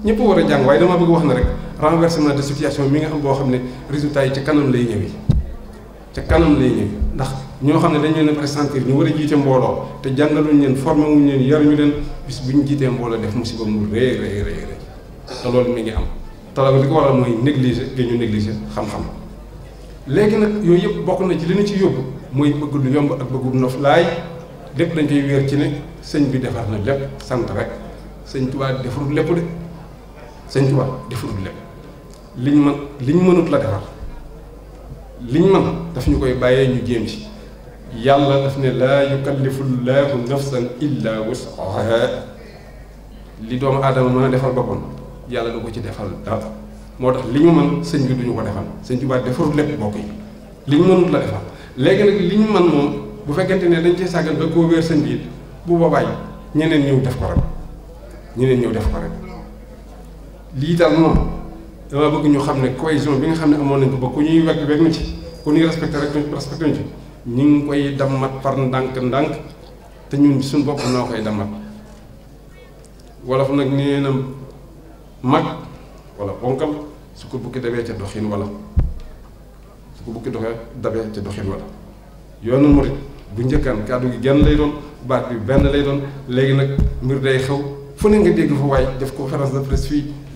ñëpp war a jàng waaye dama bëgg wax na rek renversement de situation mi nga am boo xam ne résultat yi ci kanam lay ñëwi te kanam lay ndax ñoo xam ne dañu leen pressentir ñu war a jiite mbooloo te jàngaluñ leen formé wuñ leen yaruñu leen bis bu ñu jiitee mbooloo def musiba mu rëy rëy rëy te mi ngi am talaga li ko waral mooy négliger gi ñu négliger xam-xam léegi nag yooyu yëpp bokk na ci li ñu ci yóbbu mooy bëgg lu yomb ak bëggu nof laay lépp dañ koy wéer ci ne sëñ bi defar na lépp sant rek sëñ Tuubaa defarul lépp de sëñ Tuubaa defarul liñ mën liñ mënut la defar liñ mën daf ñu koy bàyyee ñu jéem ci yàlla daf ne laa yukallifu llaahu nafsan illa wusaha li doomu aadama mën a defal boppam yàlla du ko ci defal dara moo tax li ñu mën sëñ bi duñu ko defal sëñ Tuubaa defarul lépp bokk yi li ñu mënut la defal léegi nag li ñu moom bu fekkente ne dañ cee sàggal ba koo wéer sëñ bi bu boobaa ñeneen ñëw def ko rek ñeneen ñëw def ko rek lii daal moom dama bëgg ñu xam ne cohésion bi nga xam ne amoon nañ ko ba ku ñuy wegg wegg na ci ku ñuy respecté rek respecté nañ ci ñu ngi koy dammat par ndànk-ndànk te ñu suñu bopp noo koy dammat wolof nag nee mag wala ponkal su ko bukki dabee ca doxin wala su ko bukki doxee dabee ca doxin wala yoonu murit bu njëkkaan kàddu gi genn lay doon baat bi benn lay doon léegi nag mbir day xew fu ne nga dégg fa waay def conférence de presse fii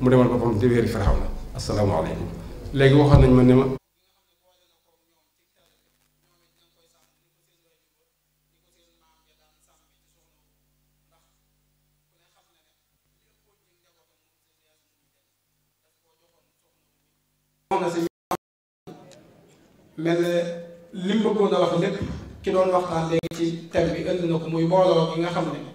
mu demal boppam di wéeri firaw na asalaamaaleykum léegi waxoon nañ ma ne ma mel ne li bëggoon a lépp ki doon waxtaan léegi ci thème bi indi na ko muy mbooloo bi nga xam ne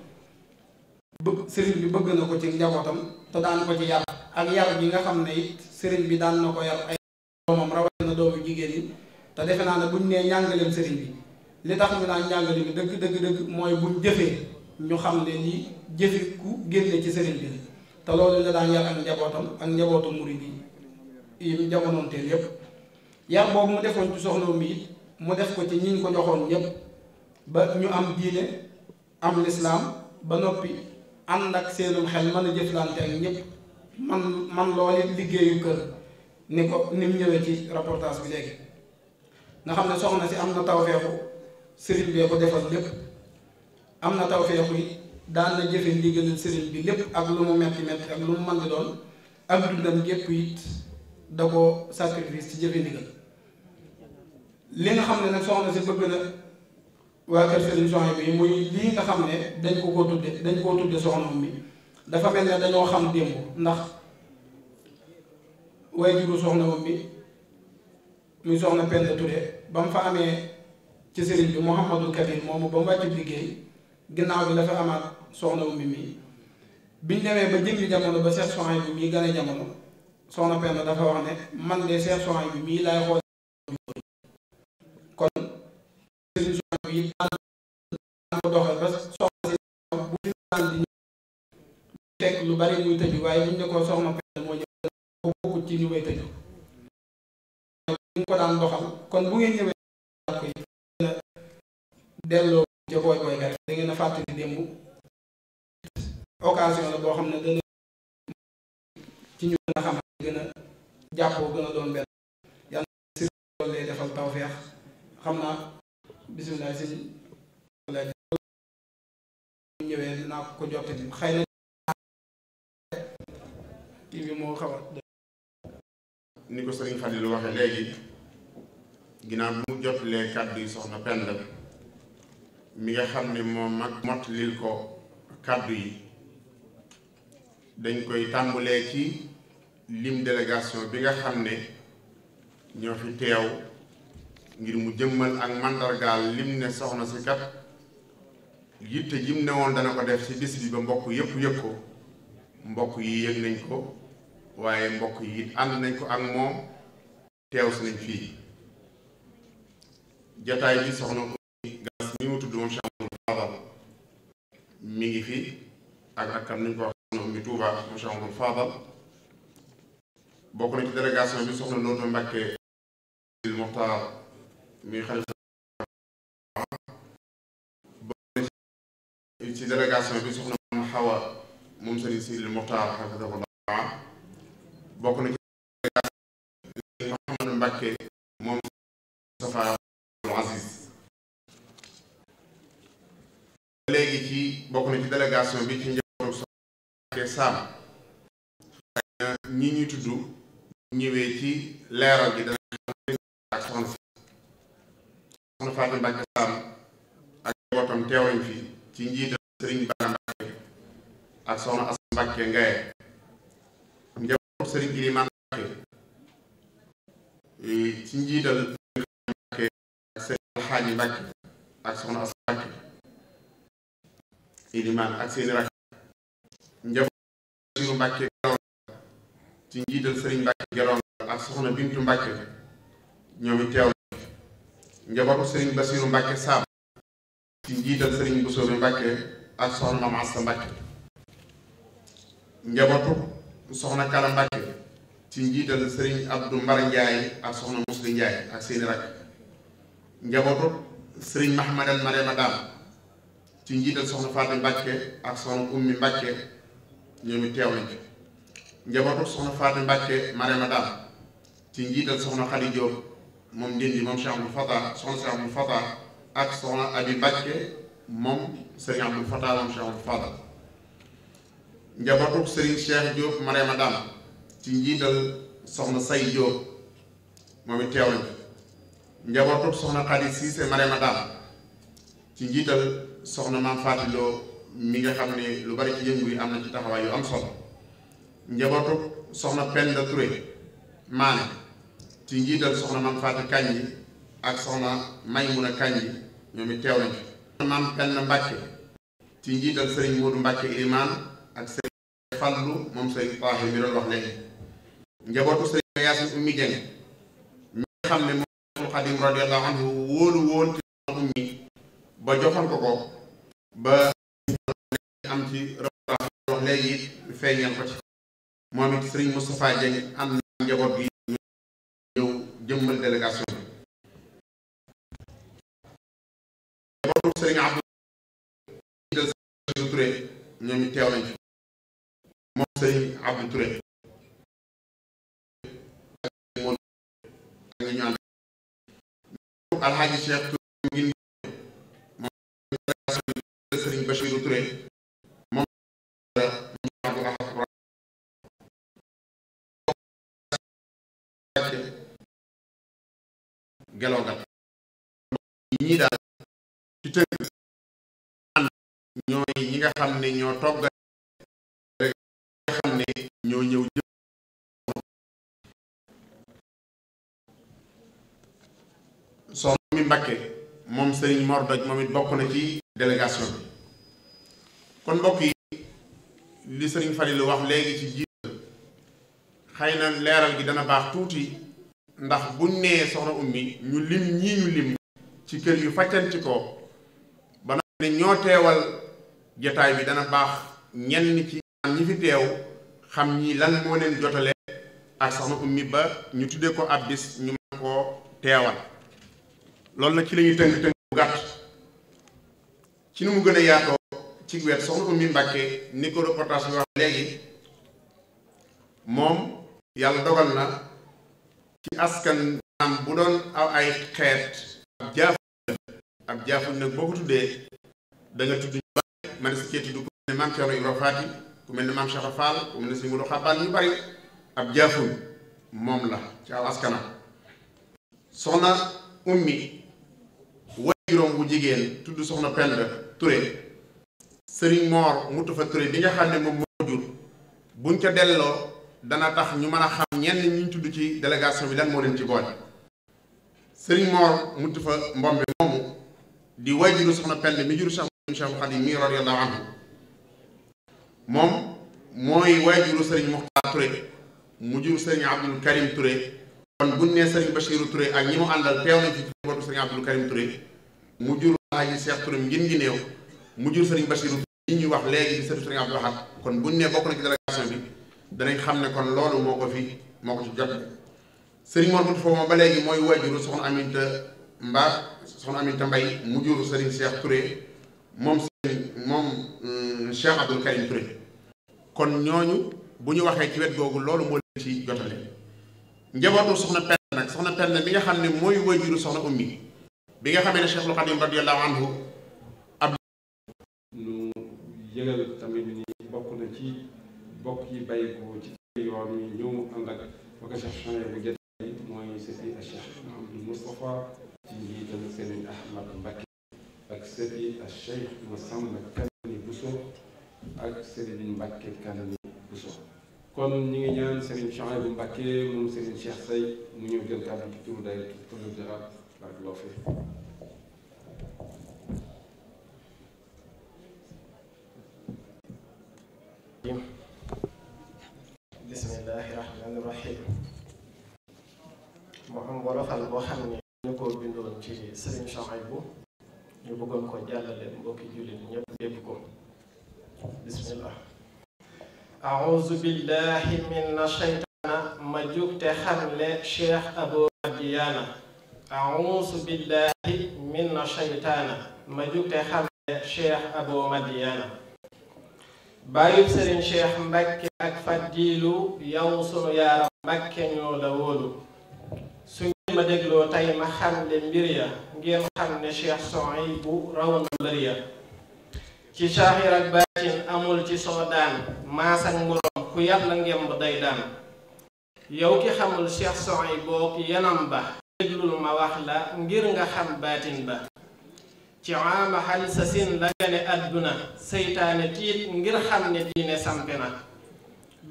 bëgg sëriñ bi bëgg na ko ci njabootam te daan ko ci yar ak yar bi nga xam ne it sëriñ bi daan na ko yar ay doomam rawatina doomu jigéen yi te defe naa ne buñ nee njàngaleem sëriñ bi li tax ñu naan njàngale bi dëgg dëgg dëgg mooy buñ jëfee ñu xam ne ni jëfi ku génne ci sëriñ bi te loolu la daan yar ak njabootam ak njabootu murid yi yi jamonoonteel yépp yar boobu mu defoon ci soxna mi mu def ko ci ñiñ ko joxoon ñépp ba ñu am diine am lislaam ba noppi ànd ak seenum xel mën a jëflante ak ñëpp man man loolu liggéeyu kër ni ko ni mu ñëwee ci reportage bi léegi nga xam ne soxna si am na tawfeexu sëriñ bee ko defal lépp am na tawfeexu yi daan na jëfe ndigalul sëriñ bi lépp ak lu mu metti metti ak lu mu mën di doon ak dundam gépp it da ko sacrifice ci jëfe ndigal li nga xam ne nag soxna si bëgg na waa kër Serigne Souhaïbou bi muy lii nga xam ne dañ ko ko tudde dañ koo tudde soxnaam mi dafa mel ne dañoo xam démb ndax way waajuru soxnaam bi muy soxna Penda Touré ba mu fa amee ci Serigne bi Mouhamadou Kabir moomu ba mu wàccu liggéey ginnaaw bi dafa amaat soxnaam bi mii biñ demee ba jëmmi jamono ba Cheikh Souhaïbou bi mii gane jamono soxna Penda dafa wax ne man de Cheikh Souhaïbou bi mii laay xool yi daan ko doxal ba soxna si bu fi daan di fekk lu bari muy tëju waaye buñ ne ko soxna Penda moo ñëw ko bokkut ci ñu may tëju ñu ko daan doxal kon bu ngeen ñëwee ko yi delloo ca booy booy ngeen a fàttali démb occasion la boo xam ne dana ci ñu gën a xam gën a jàppoo gën doon benn yàlla si loolu lay defal tawfeex xam naa bisimilah sëñ bi ñëwee naa ko ko jottali xëy na ni ko sëriñ Xalil léegi ginnaaw bi mu jotalee kàddu yi soxna Pend mi nga xam ne moom mag mott lil ko kàddu yi dañ koy tàmbulee ci lim délégation bi nga xam ne ñoo fi teew ngir mu jëmmal ak màndargaal lim ne soxna si kat yitte jim ne woon dana ko def ci bis bi ba mbokk yëpp yëg ko mbokk yi yëg nañ ko waaye mbokk yi ànd nañ ko ak moom teew si nañ fii jataay bi soxna gas mi mu mi ngi fi ak rakkam nuñ ko wax soxna mi Touba moom Cheikh Fadal bokk na ci délégation bi soxna Ndooto Mbàkke muy xalifa ci délégation bi soxna mu xawa moom sëriñ Sidi Muxtaar xafisahullah bokk na ci délégation Mouhamadou Mbacke léegi ci bokk na ci délégation bi ci njabootu soxna Mbacke Sam ñi ñuy tudd ñëwee ci leeral bi Abdou Mbacke Sall ak njabootam teewuñ fi ci njiital Serigne Bara Mbacke ak ak soxna Assa Mbacke Ilimane eh, ak seeni rakk njaboot Serigne ci njiital Serigne Mbacke Geroon ak soxna Bintu Mbacke ñoom teew njabootu sëriñ Basiiru Mbàkke Saam ci njiital sëriñ Bousso bi Mbàkke ak soxna Mame Asta Mbàkke njabootu soxna Kala Mbàkke ci njiital sëriñ Abdou Mbar Ndiaye ak soxna Musli Ndiaye ak seeni rakk njabootu sëriñ Mahmadan Marema ci njiital soxna Fatou Mbàkke Mbàkke ñoom ci njiital soxna Xadi moom ndindi moom Cheikh Abdou Fatah soxna Cheikh Abdou Fatah ak soxna Abi Bakke mom Serigne Abdou Fatah moom Cheikh Abdou Fatah njabootu Serigne Cheikh Diop Marema madam ci njital soxna Say Diop momi it teew soxna Khalid Siise Marema madam ci njital soxna Mam Fatilo mi nga xam lu bari ci yëngu amna ci taxaway yu am solo njabootu soxna Penda Touré mané ci njiital soxna Mame Fatou Kandji ak soxna Maymouna Kandji ñoom it teew nañ fi Mame Penda Mbacke ci njiital Serigne Modou Mbacke iman ak Serigne fallu mom Serigne Pahe mi doon wax léegi njabotu Serigne Yacine ummi jeng mi xamne mo khadim moom radiyallahu anhu wóolu woon ci ummi ba joxoon ko ko ba am ci wax léegi it feeñal ko ci momit Serigne Moustapha jeng am njabot bi oum el delekasyon. E bakour sè lig stolen mi tè Oman pou mindè mon sè li aou toulè an lan te grand aou a zap gelaw gal ñii daal ci tënk ñooy ñi nga xam ne ñoo toggal rek nga xam ne ñoo ñëw jë soxna mi Mbakke moom Serigne Mor moom it bokk na ci délégation kon mbokk yi li Serigne Falilou wax léegi ci jiital xëy leeral gi dana baax tuuti ndak bunneye son o umi, nyulim, nyiyulim, chikel yu faten chiko, banan mwenye nyon te wal, gjetay vi dana bach, nyen niki, nyan nifite yo, kham nyi lan mwenen djotole, a san o umi be, nyoutude ko abdis, nyumanko te wal. Lolle kilen yu tenk tenk ou gat. Kin mwenye mwenye yato, chikwet son o umi mbake, nye kono potasyon wak leyi, mom, yal dogan nan, ci askan am bu doon aw ay xeet ab jaaful ab jaaful nag boo tuddee da nga tudd ñu si cee tudd ku mel ne man Thierno Ibrahima Fati ku ne maam Cheikh Fall bari ab jaaful moom la ci aw askanam soxna ummi way juróom bu jigéen tudd soxna Penda Touré Serigne Mor Mutu fa Touré bi nga xam ne moom moo jur buñ ca delloo dana tax ñu mën a xam ñenn ñi ñu tudd ci délégation bi lan moo leen ci boole sëriñ Mor mutu fa Mbombe moomu di wajuru soxna Pend mi juru Cheikh Cheikh Khadim mi radiyallahu anhu moom mooy wajuru sëriñ Mokhtar Touré mu juru sëriñ Abdul Karim Touré kon buñ nee sëriñ Bachirou Touré ak ñi mu àndal teew nañ ci boobu sëriñ Abdul Karim Touré mu jur Alaaji Cheikh Touré ngin ngi néew mu jur sëriñ Bachirou Touré ñi ñuy wax léegi di sëriñ Abdul Ahad kon buñ nee bokk na ci délégation bi danañ xam ne kon loolu moo ko fi moo ko ci jot sëriñ Mor Fouta Foma ba léegi mooy wajuru soxna Aminta Mbaax soxna Aminta Mbay mu juru sëriñ Cheikh Touré moom sëriñ moom euh, Cheikh Abdoul Karim Touré kon ñooñu bu ñu waxee ci wet googu loolu moo leen ci jotale njabootu soxna Penda nag soxna Penda bi nga xam ne mooy wajuru soxna ummi bi nga xamee ne Cheikhul Khadim radiyallahu anhu ab nu yëgal tamit ni bokk ci bokk yi bàyyi ko ci yoon yi ñëw mu ànd ak baka Cheikh Chane bu jot yi mooy sëti a Cheikh Mahamadou Moustapha ci njiital Serigne Ahmad Mbacké ak sëti a Cheikh Massamba Kanni Bousso ak Serigne Mbacké Kanni Bousso kon ñu ngi ñaan Serigne Chane bu Mbacké moom Serigne Cheikh Seye mu ñëw jël kàddu ci turu day turu dara ak loo rahmaani rahim mu am wolofal boo xam ne ñu ko bindoon ci sëriñ Chouaïbou ñu bëggoon ko jàllale mbokki jullit ñëpp dégg ko bismillah aouzu billahi min na shaytaana ma jóg te xamle cheikh abo diyaana aouzu billahi min na shaytaana ma jóg te xamle cheikh abo madiyaana bàyyub sëriñ cheikh mbakke ak faddiilu yow sunu yaaram mbakke ñoo la wóolu su ngeen ma dégloo tey ma xam ne mbir ya ngeen xam ne cheikh Souhaïbou raw na mbër ya ci saahir ak baatin amul ci soo daan maasak moroom ku yàlla ngemb day daan yow ki xamul cheikh Souhaïbou boo yanam ba déglul ma wax la ngir nga xam baatin ba ci ama xal sa sin la gane àdduna seytaane tiit ngir xam ne diine sampe na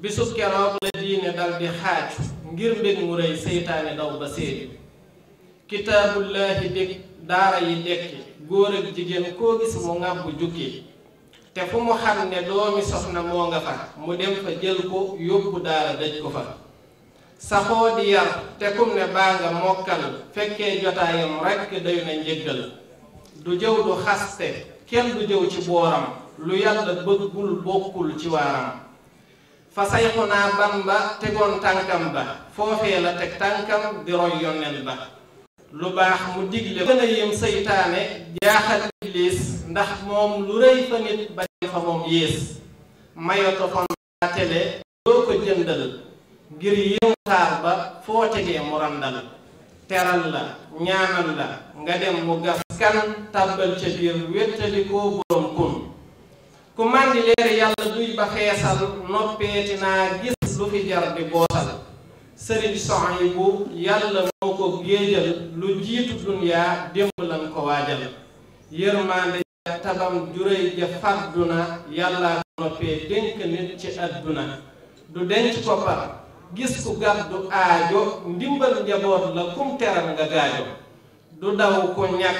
bisub keroog la diine dal di xaaju ngir mbég mu rëy seytaane daw ba séeju kitaabullaahi dég daara yi dekki góor ak jigéen koo gis mu ngàbbu jukki te fu mu xam ne doomi soxna moo nga fa mu dem fa jël ko yóbbu daara daj ko fa saxoo di yar te kum ne baa nga mokkal fekkee jotaayam rekk doy na njëggal du jëw du xaste kenn du jëw ci booram lu yàlla bëggul bokkul ci waaram fa sayxunaa Bamba tegoon tànkam ba foofee la teg tànkam di roy yonent ba lu baax mu digle gën a yem seytaane jaaxal iblis ndax moom lu rëy fa nit bañ fa moom yées mayoto fondaa tele doo ko jëndal ngir yëw taar ba foo tegee mu randal teral la ñaanal la nga dem mu gaf kanam tàbbal ca biir wéttalikoo boroom kun ku màndi leeri yàlla duy ba noppeeti naa gis lu fi jar di sëriñ soxna yi bu yàlla moo ko géejal lu jiitu dunyaa démb lan ko waajal yërmaande ja tabam juréy ja fàddu na yàllaa ko noppee dénk nit ci àdduna du denc ko par gis ku gàddu aajo ndimbal njaboot la kum teral nga gaajo du daw ko ñàkk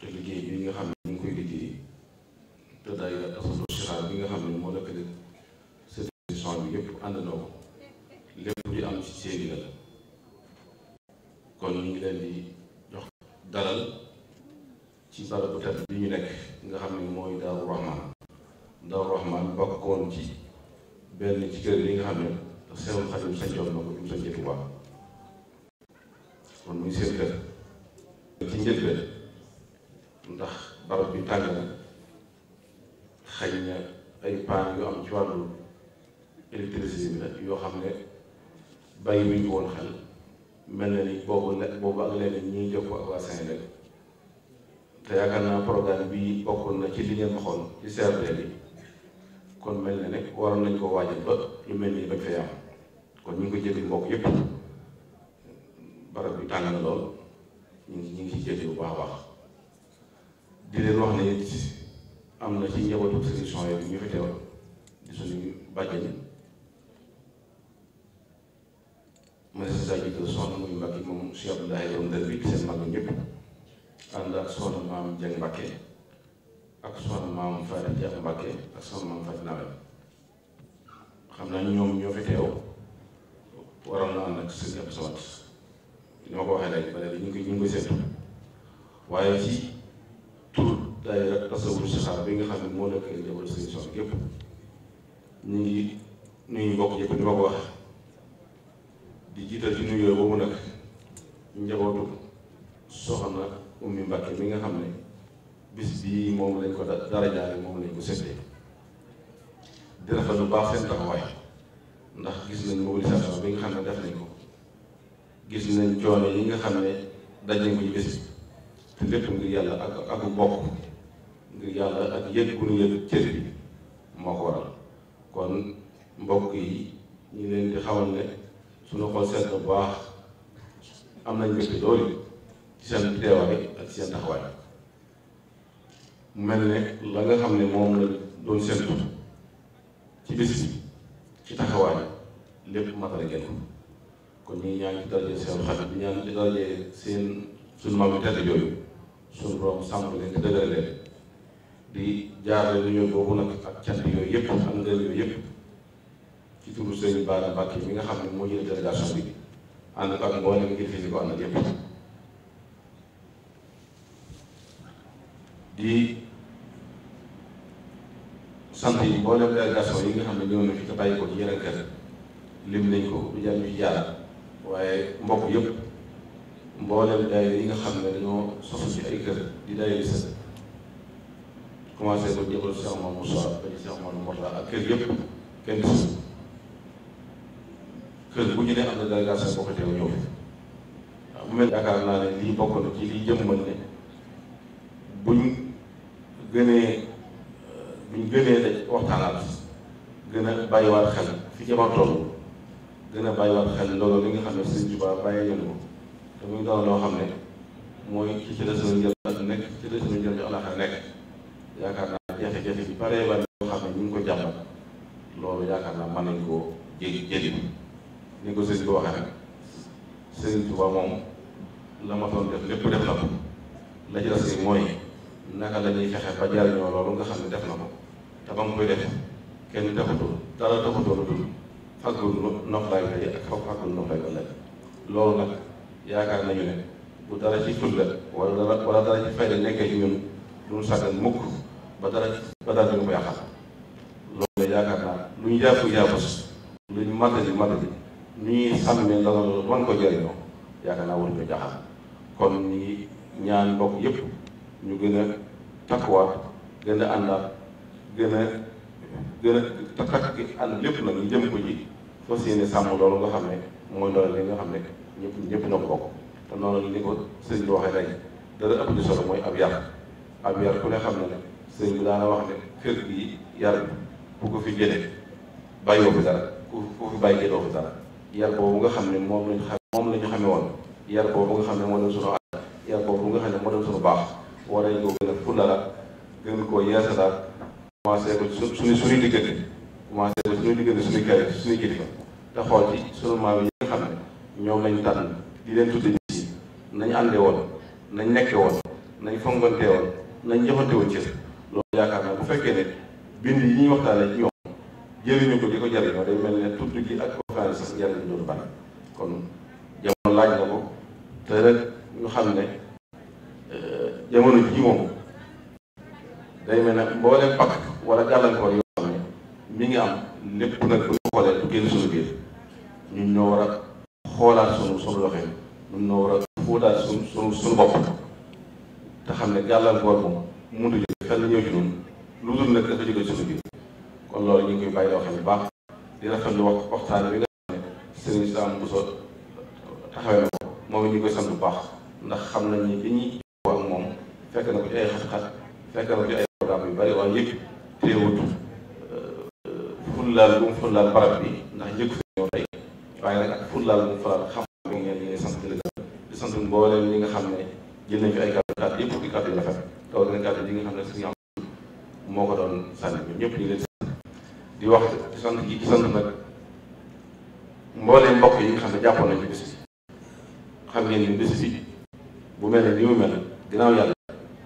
te liggéey bi nga xam ne ñu ngi koy liggéey te daay association bi nga xam ne moo lëkkale association bi yëpp àndandoo ko lépp di am ci seeni la kon ñu ngi leen di jox dalal ci barabu tedd bi ñu nekk nga xam ne mooy Daaru Rahmaan Daaru Rahmaan bokk ci benn ci kër yi nga xam ne Seexul Xadim sañcoon na ko kon muy seen kër ci njëlbeen tàggat la xëy na ay paan yu am ci wàllu électricité bi la yoo xam ne bàyyi wu ñu woon xel mel na ni boobu la boobu ak leneen ñuy jokkoo ak waa Sénégal te yaakaar naa programme bi bokkoon na ci li ngeen waxoon ci CRD bi kon mel na ne waroon nañ ko waajal ba lu mel nii bañ fay kon ñu ngi ko jëli mbokk yëpp barab bi tàng na lool ñu ngi ñu ngi ciy jëli bu baax di leen wax ne it am na ci njabootu solution yooyu ñu fi teewal di suñu bàjjen mënees saa jiital soxna muy Mbacke moom Cheikh Abdoulaye doon dër bi seen mag ñëpp ànd ak soxna maam Dieng Mbacke ak soxna maam Fatou Dieng Mbacke ak soxna maam Fatou Nawel xam naa ñoom ñoo fi teew waroon na ànd ak sëñ Abdou Samad ni ma ko waxee léegi ba ñu ngi ñu ngi koy seetlu waaye ci. tur daayira tasawur saxaar bi nga xam ne moo nekk jabal sëñ Soxna yëpp ñu ngi nuyu mbokk yëpp di ma ko wax di jiital ci nuyoo boobu nag njabootu soxna Oumy Mbacke nga xam ne bis bii moom lañ ko dara jaare moom lañ ko seetee di rafet lu baax seen taxawaay ndax gis nañ mobilisation bi nga xam ne def nañ ko gis nañ coono yi nga xam ne daj nañ ko ci bis lépp ngir yàlla ak ak mbokk ngir yàlla ak yëg bu ñu yëg cër bi moo ko waral kon mbokk yi ñu leen di xamal ne suñu xol seet bu baax am na mbégte loolu ci seen teewaay ak ci seen taxawaay mel ne la nga xam ne moom bis bi ci taxawaay lépp matale ngeen kon ñu ngi ñaan ci daraje seen xarit bi ñaan ci daraje seen suñu maam bi tedd yooyu suñu borom sàmm leen leen di jaar lu ñuy boobu nag ak cant yooyu yëpp ak ngërëm yooyu yëpp ci turu Serigne Bara Mbacké mi nga xam ne moo jël délégation bi ànd ak mboolem ngir fi si ko ànd ak yëpp di sant yi mboolem délégation yi nga xam ne ñëw na fi te bàyyi ko ci yeneen kër lim nañ ko du jar ñu ci jaar waaye yëpp. mbooleel daayira yi nga xam ne dañoo sosu ay kër di daayira sës commencé ko jébbal Cheikh Mamadou Moussa ba ci ak kër yëpp kenn gisu kër bu ñu ne am na délégation boo ko teew ñëw fi waaw yaakaar naa ne lii bokk na ci lii jëmmal ne buñ gënee buñ gënee daj waxtaanaat gën a bàyyiwaat xel fi jamono toll gën a bàyyiwaat xel loolu li nga xam ne Sëriñ Tuubaa bàyyee ñu ko te muy doon loo xam ne mooy ci ci la sama njëriñ nekk ci la sama njëriñ alaxar nekk yaakaar naa jafe-jafe bi bare bare loo xam ne ñu ko jàmbat loolu yaakaar naa mën nañ koo jéggi jëli ko sëñ bi waxee lépp def na ko la la ñuy fexe ba jariñoo nga xam ne def na ko te ba koy def kenn taxutul dara taxutul lu dul faggul noflaay ak faggul noflaay ëllëg loolu nag yaakaar nañu ne bu dara ci fulla wala dara wala dara ci fayda nekkee ci ñun duñu sàggan mukk ba dara ba dara dañu ko yàqal loolu yaakaar naa lu ñu jàpp lu ñu matali matali nu kon ñu ngi ñaan mbokk yépp ñu gën a takkuwaat gën a àndaat gën a gën a takk ànd lépp nag ñu jëm ko ji fas yéene sàmm loolu nga xam ne mooy doole li nga xam ne ñëpp ñëpp ñoo ko bokk te noonu li ko sëñ bi waxe léegi dara ëpp di solo mooy ab yar ab yar ku ne xam na ne sëñ bi daana wax ne fekk yi yar bu ko fi jëlee bàyyoo fi dara ku ku fi bàyyi jëloo fi dara yar boobu nga xam ne moom lañ xam moom la xamee woon yar boobu nga xam ne moo doon suñu àll yar boobu nga xam ne moo doon suñu baax war nañ koo gën a fulalaat gën koo yeesalaat commencé ko su suñu suñuy diggante commencé ko suñuy su suñuy kay te xool ci sunu maam yi nga xam ñoom lañ tànn di leen tudde nii nañ ànde woon nañ nekke woon nañ fongante woon nañ joxante woon cër loolu yaakaar naa bu fekkee ne bind yi ñuy waxtaanee ci ñoom ko di ko jariñoo day mel ne tudd gi ak waxtaane sax jariñ ñoonu bari kon na ko te xam ne euh, jamono ji moom day mel ne yoo xam ne mi ngi am lépp nag bu ñu xoolee du génn suñu biir ñun ñoo war a xoolaat sunu sunu doxin ñun ñoo war a fóotaat sunu sunu bopp te xam ne gàllankoor moom mënut a jóg fenn ñëw ci ñun lu dul nag dafa jóge sunu biir kon loolu ñu ngi koy bàyyi waxee bu baax di rafetlu wax waxtaan bi nga xam ne sëriñ Islam Bousso taxawee na ko moom ñu koy sant baax ndax xam nañ ni moom fekk na ko ci ay xat-xat fekk na ko ay programme yu bari waaye yëpp téewut euh, fullaal bu mu fullaal barab bi ndax njëkk fi ñëw tey waaye nag ak fullaal xam ne jël nañ fi ay kàddu kàddu yëpp fukki kàddu yu rafet toog nañ kàddu am di wax di sant gi di sant nag mbooleem mbokk yi nga xam ne jàppoon nañ ci bés bi xam ngeen ni bés bi bu mel ne li mu mel ginnaaw yàlla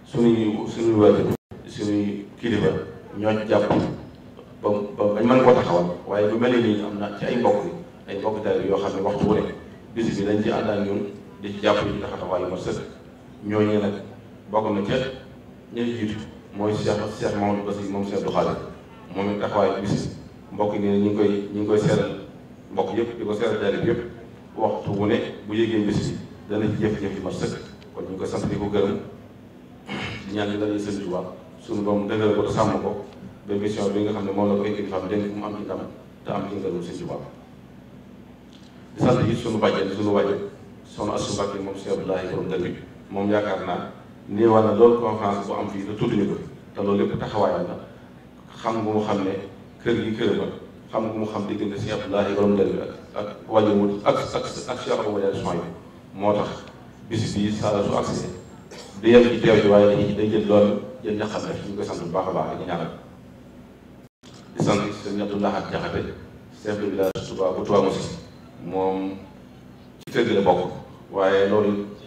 suñuy suñuy wàllu suñuy kilifa ñoo ci jàpp ba ba bañ mën na ci ay ay mbokk daal yoo xam ne waxtu wu ne di ci jàpp di tax a taxawal ma sëkk ñooñu nag bokk na ca ña jiitu mooy Cheikh Cheikh Mamadou Bassi moom Cheikh Abdou Khadre moom it taxawaay bis mbokk ñi ñu ngi koy ñu ngi koy seeral mbokk yëpp di ko seeral taalib yëpp waxtu wu ne bu yëgee bis bi dana ci yi ma sëkk kon ñu ko gërëm di ñaan di la Sëñ Tuubaa suñu doom dëgëral te sàmm ko ba mission bi nga xam ne moom la ko ay kilifaam dénk mu am ci te am ci ngërëm Sëñ Tuubaa di sant yi suñu bàjjen suñu wàjjen soxna Assou Mbacké moom Cheikh Abdoulaye borom dëkk bi moom yaakaar naa nii wala loolu conférence bu am fii te tudduñu ko te loolu lépp taxawaayam la xam nga mu xam ne kër gi kër ba xam nga mu xam diggante Cheikh Abdoulaye borom dëkk bi ak wàllu mu ak ak ak Cheikh Abdoulaye Sow yi moo tax bis bii saa su accès du yem ci teew bi waaye dañuy day jël loolu jël ña xam ne ñu ngi koy sant bu baax a baax di ñaanal di sant sëñ Abdoulaye ak Jaxate chef de village Touba bu Touba Mossi moom ci kër gi la bokk. waaye loolu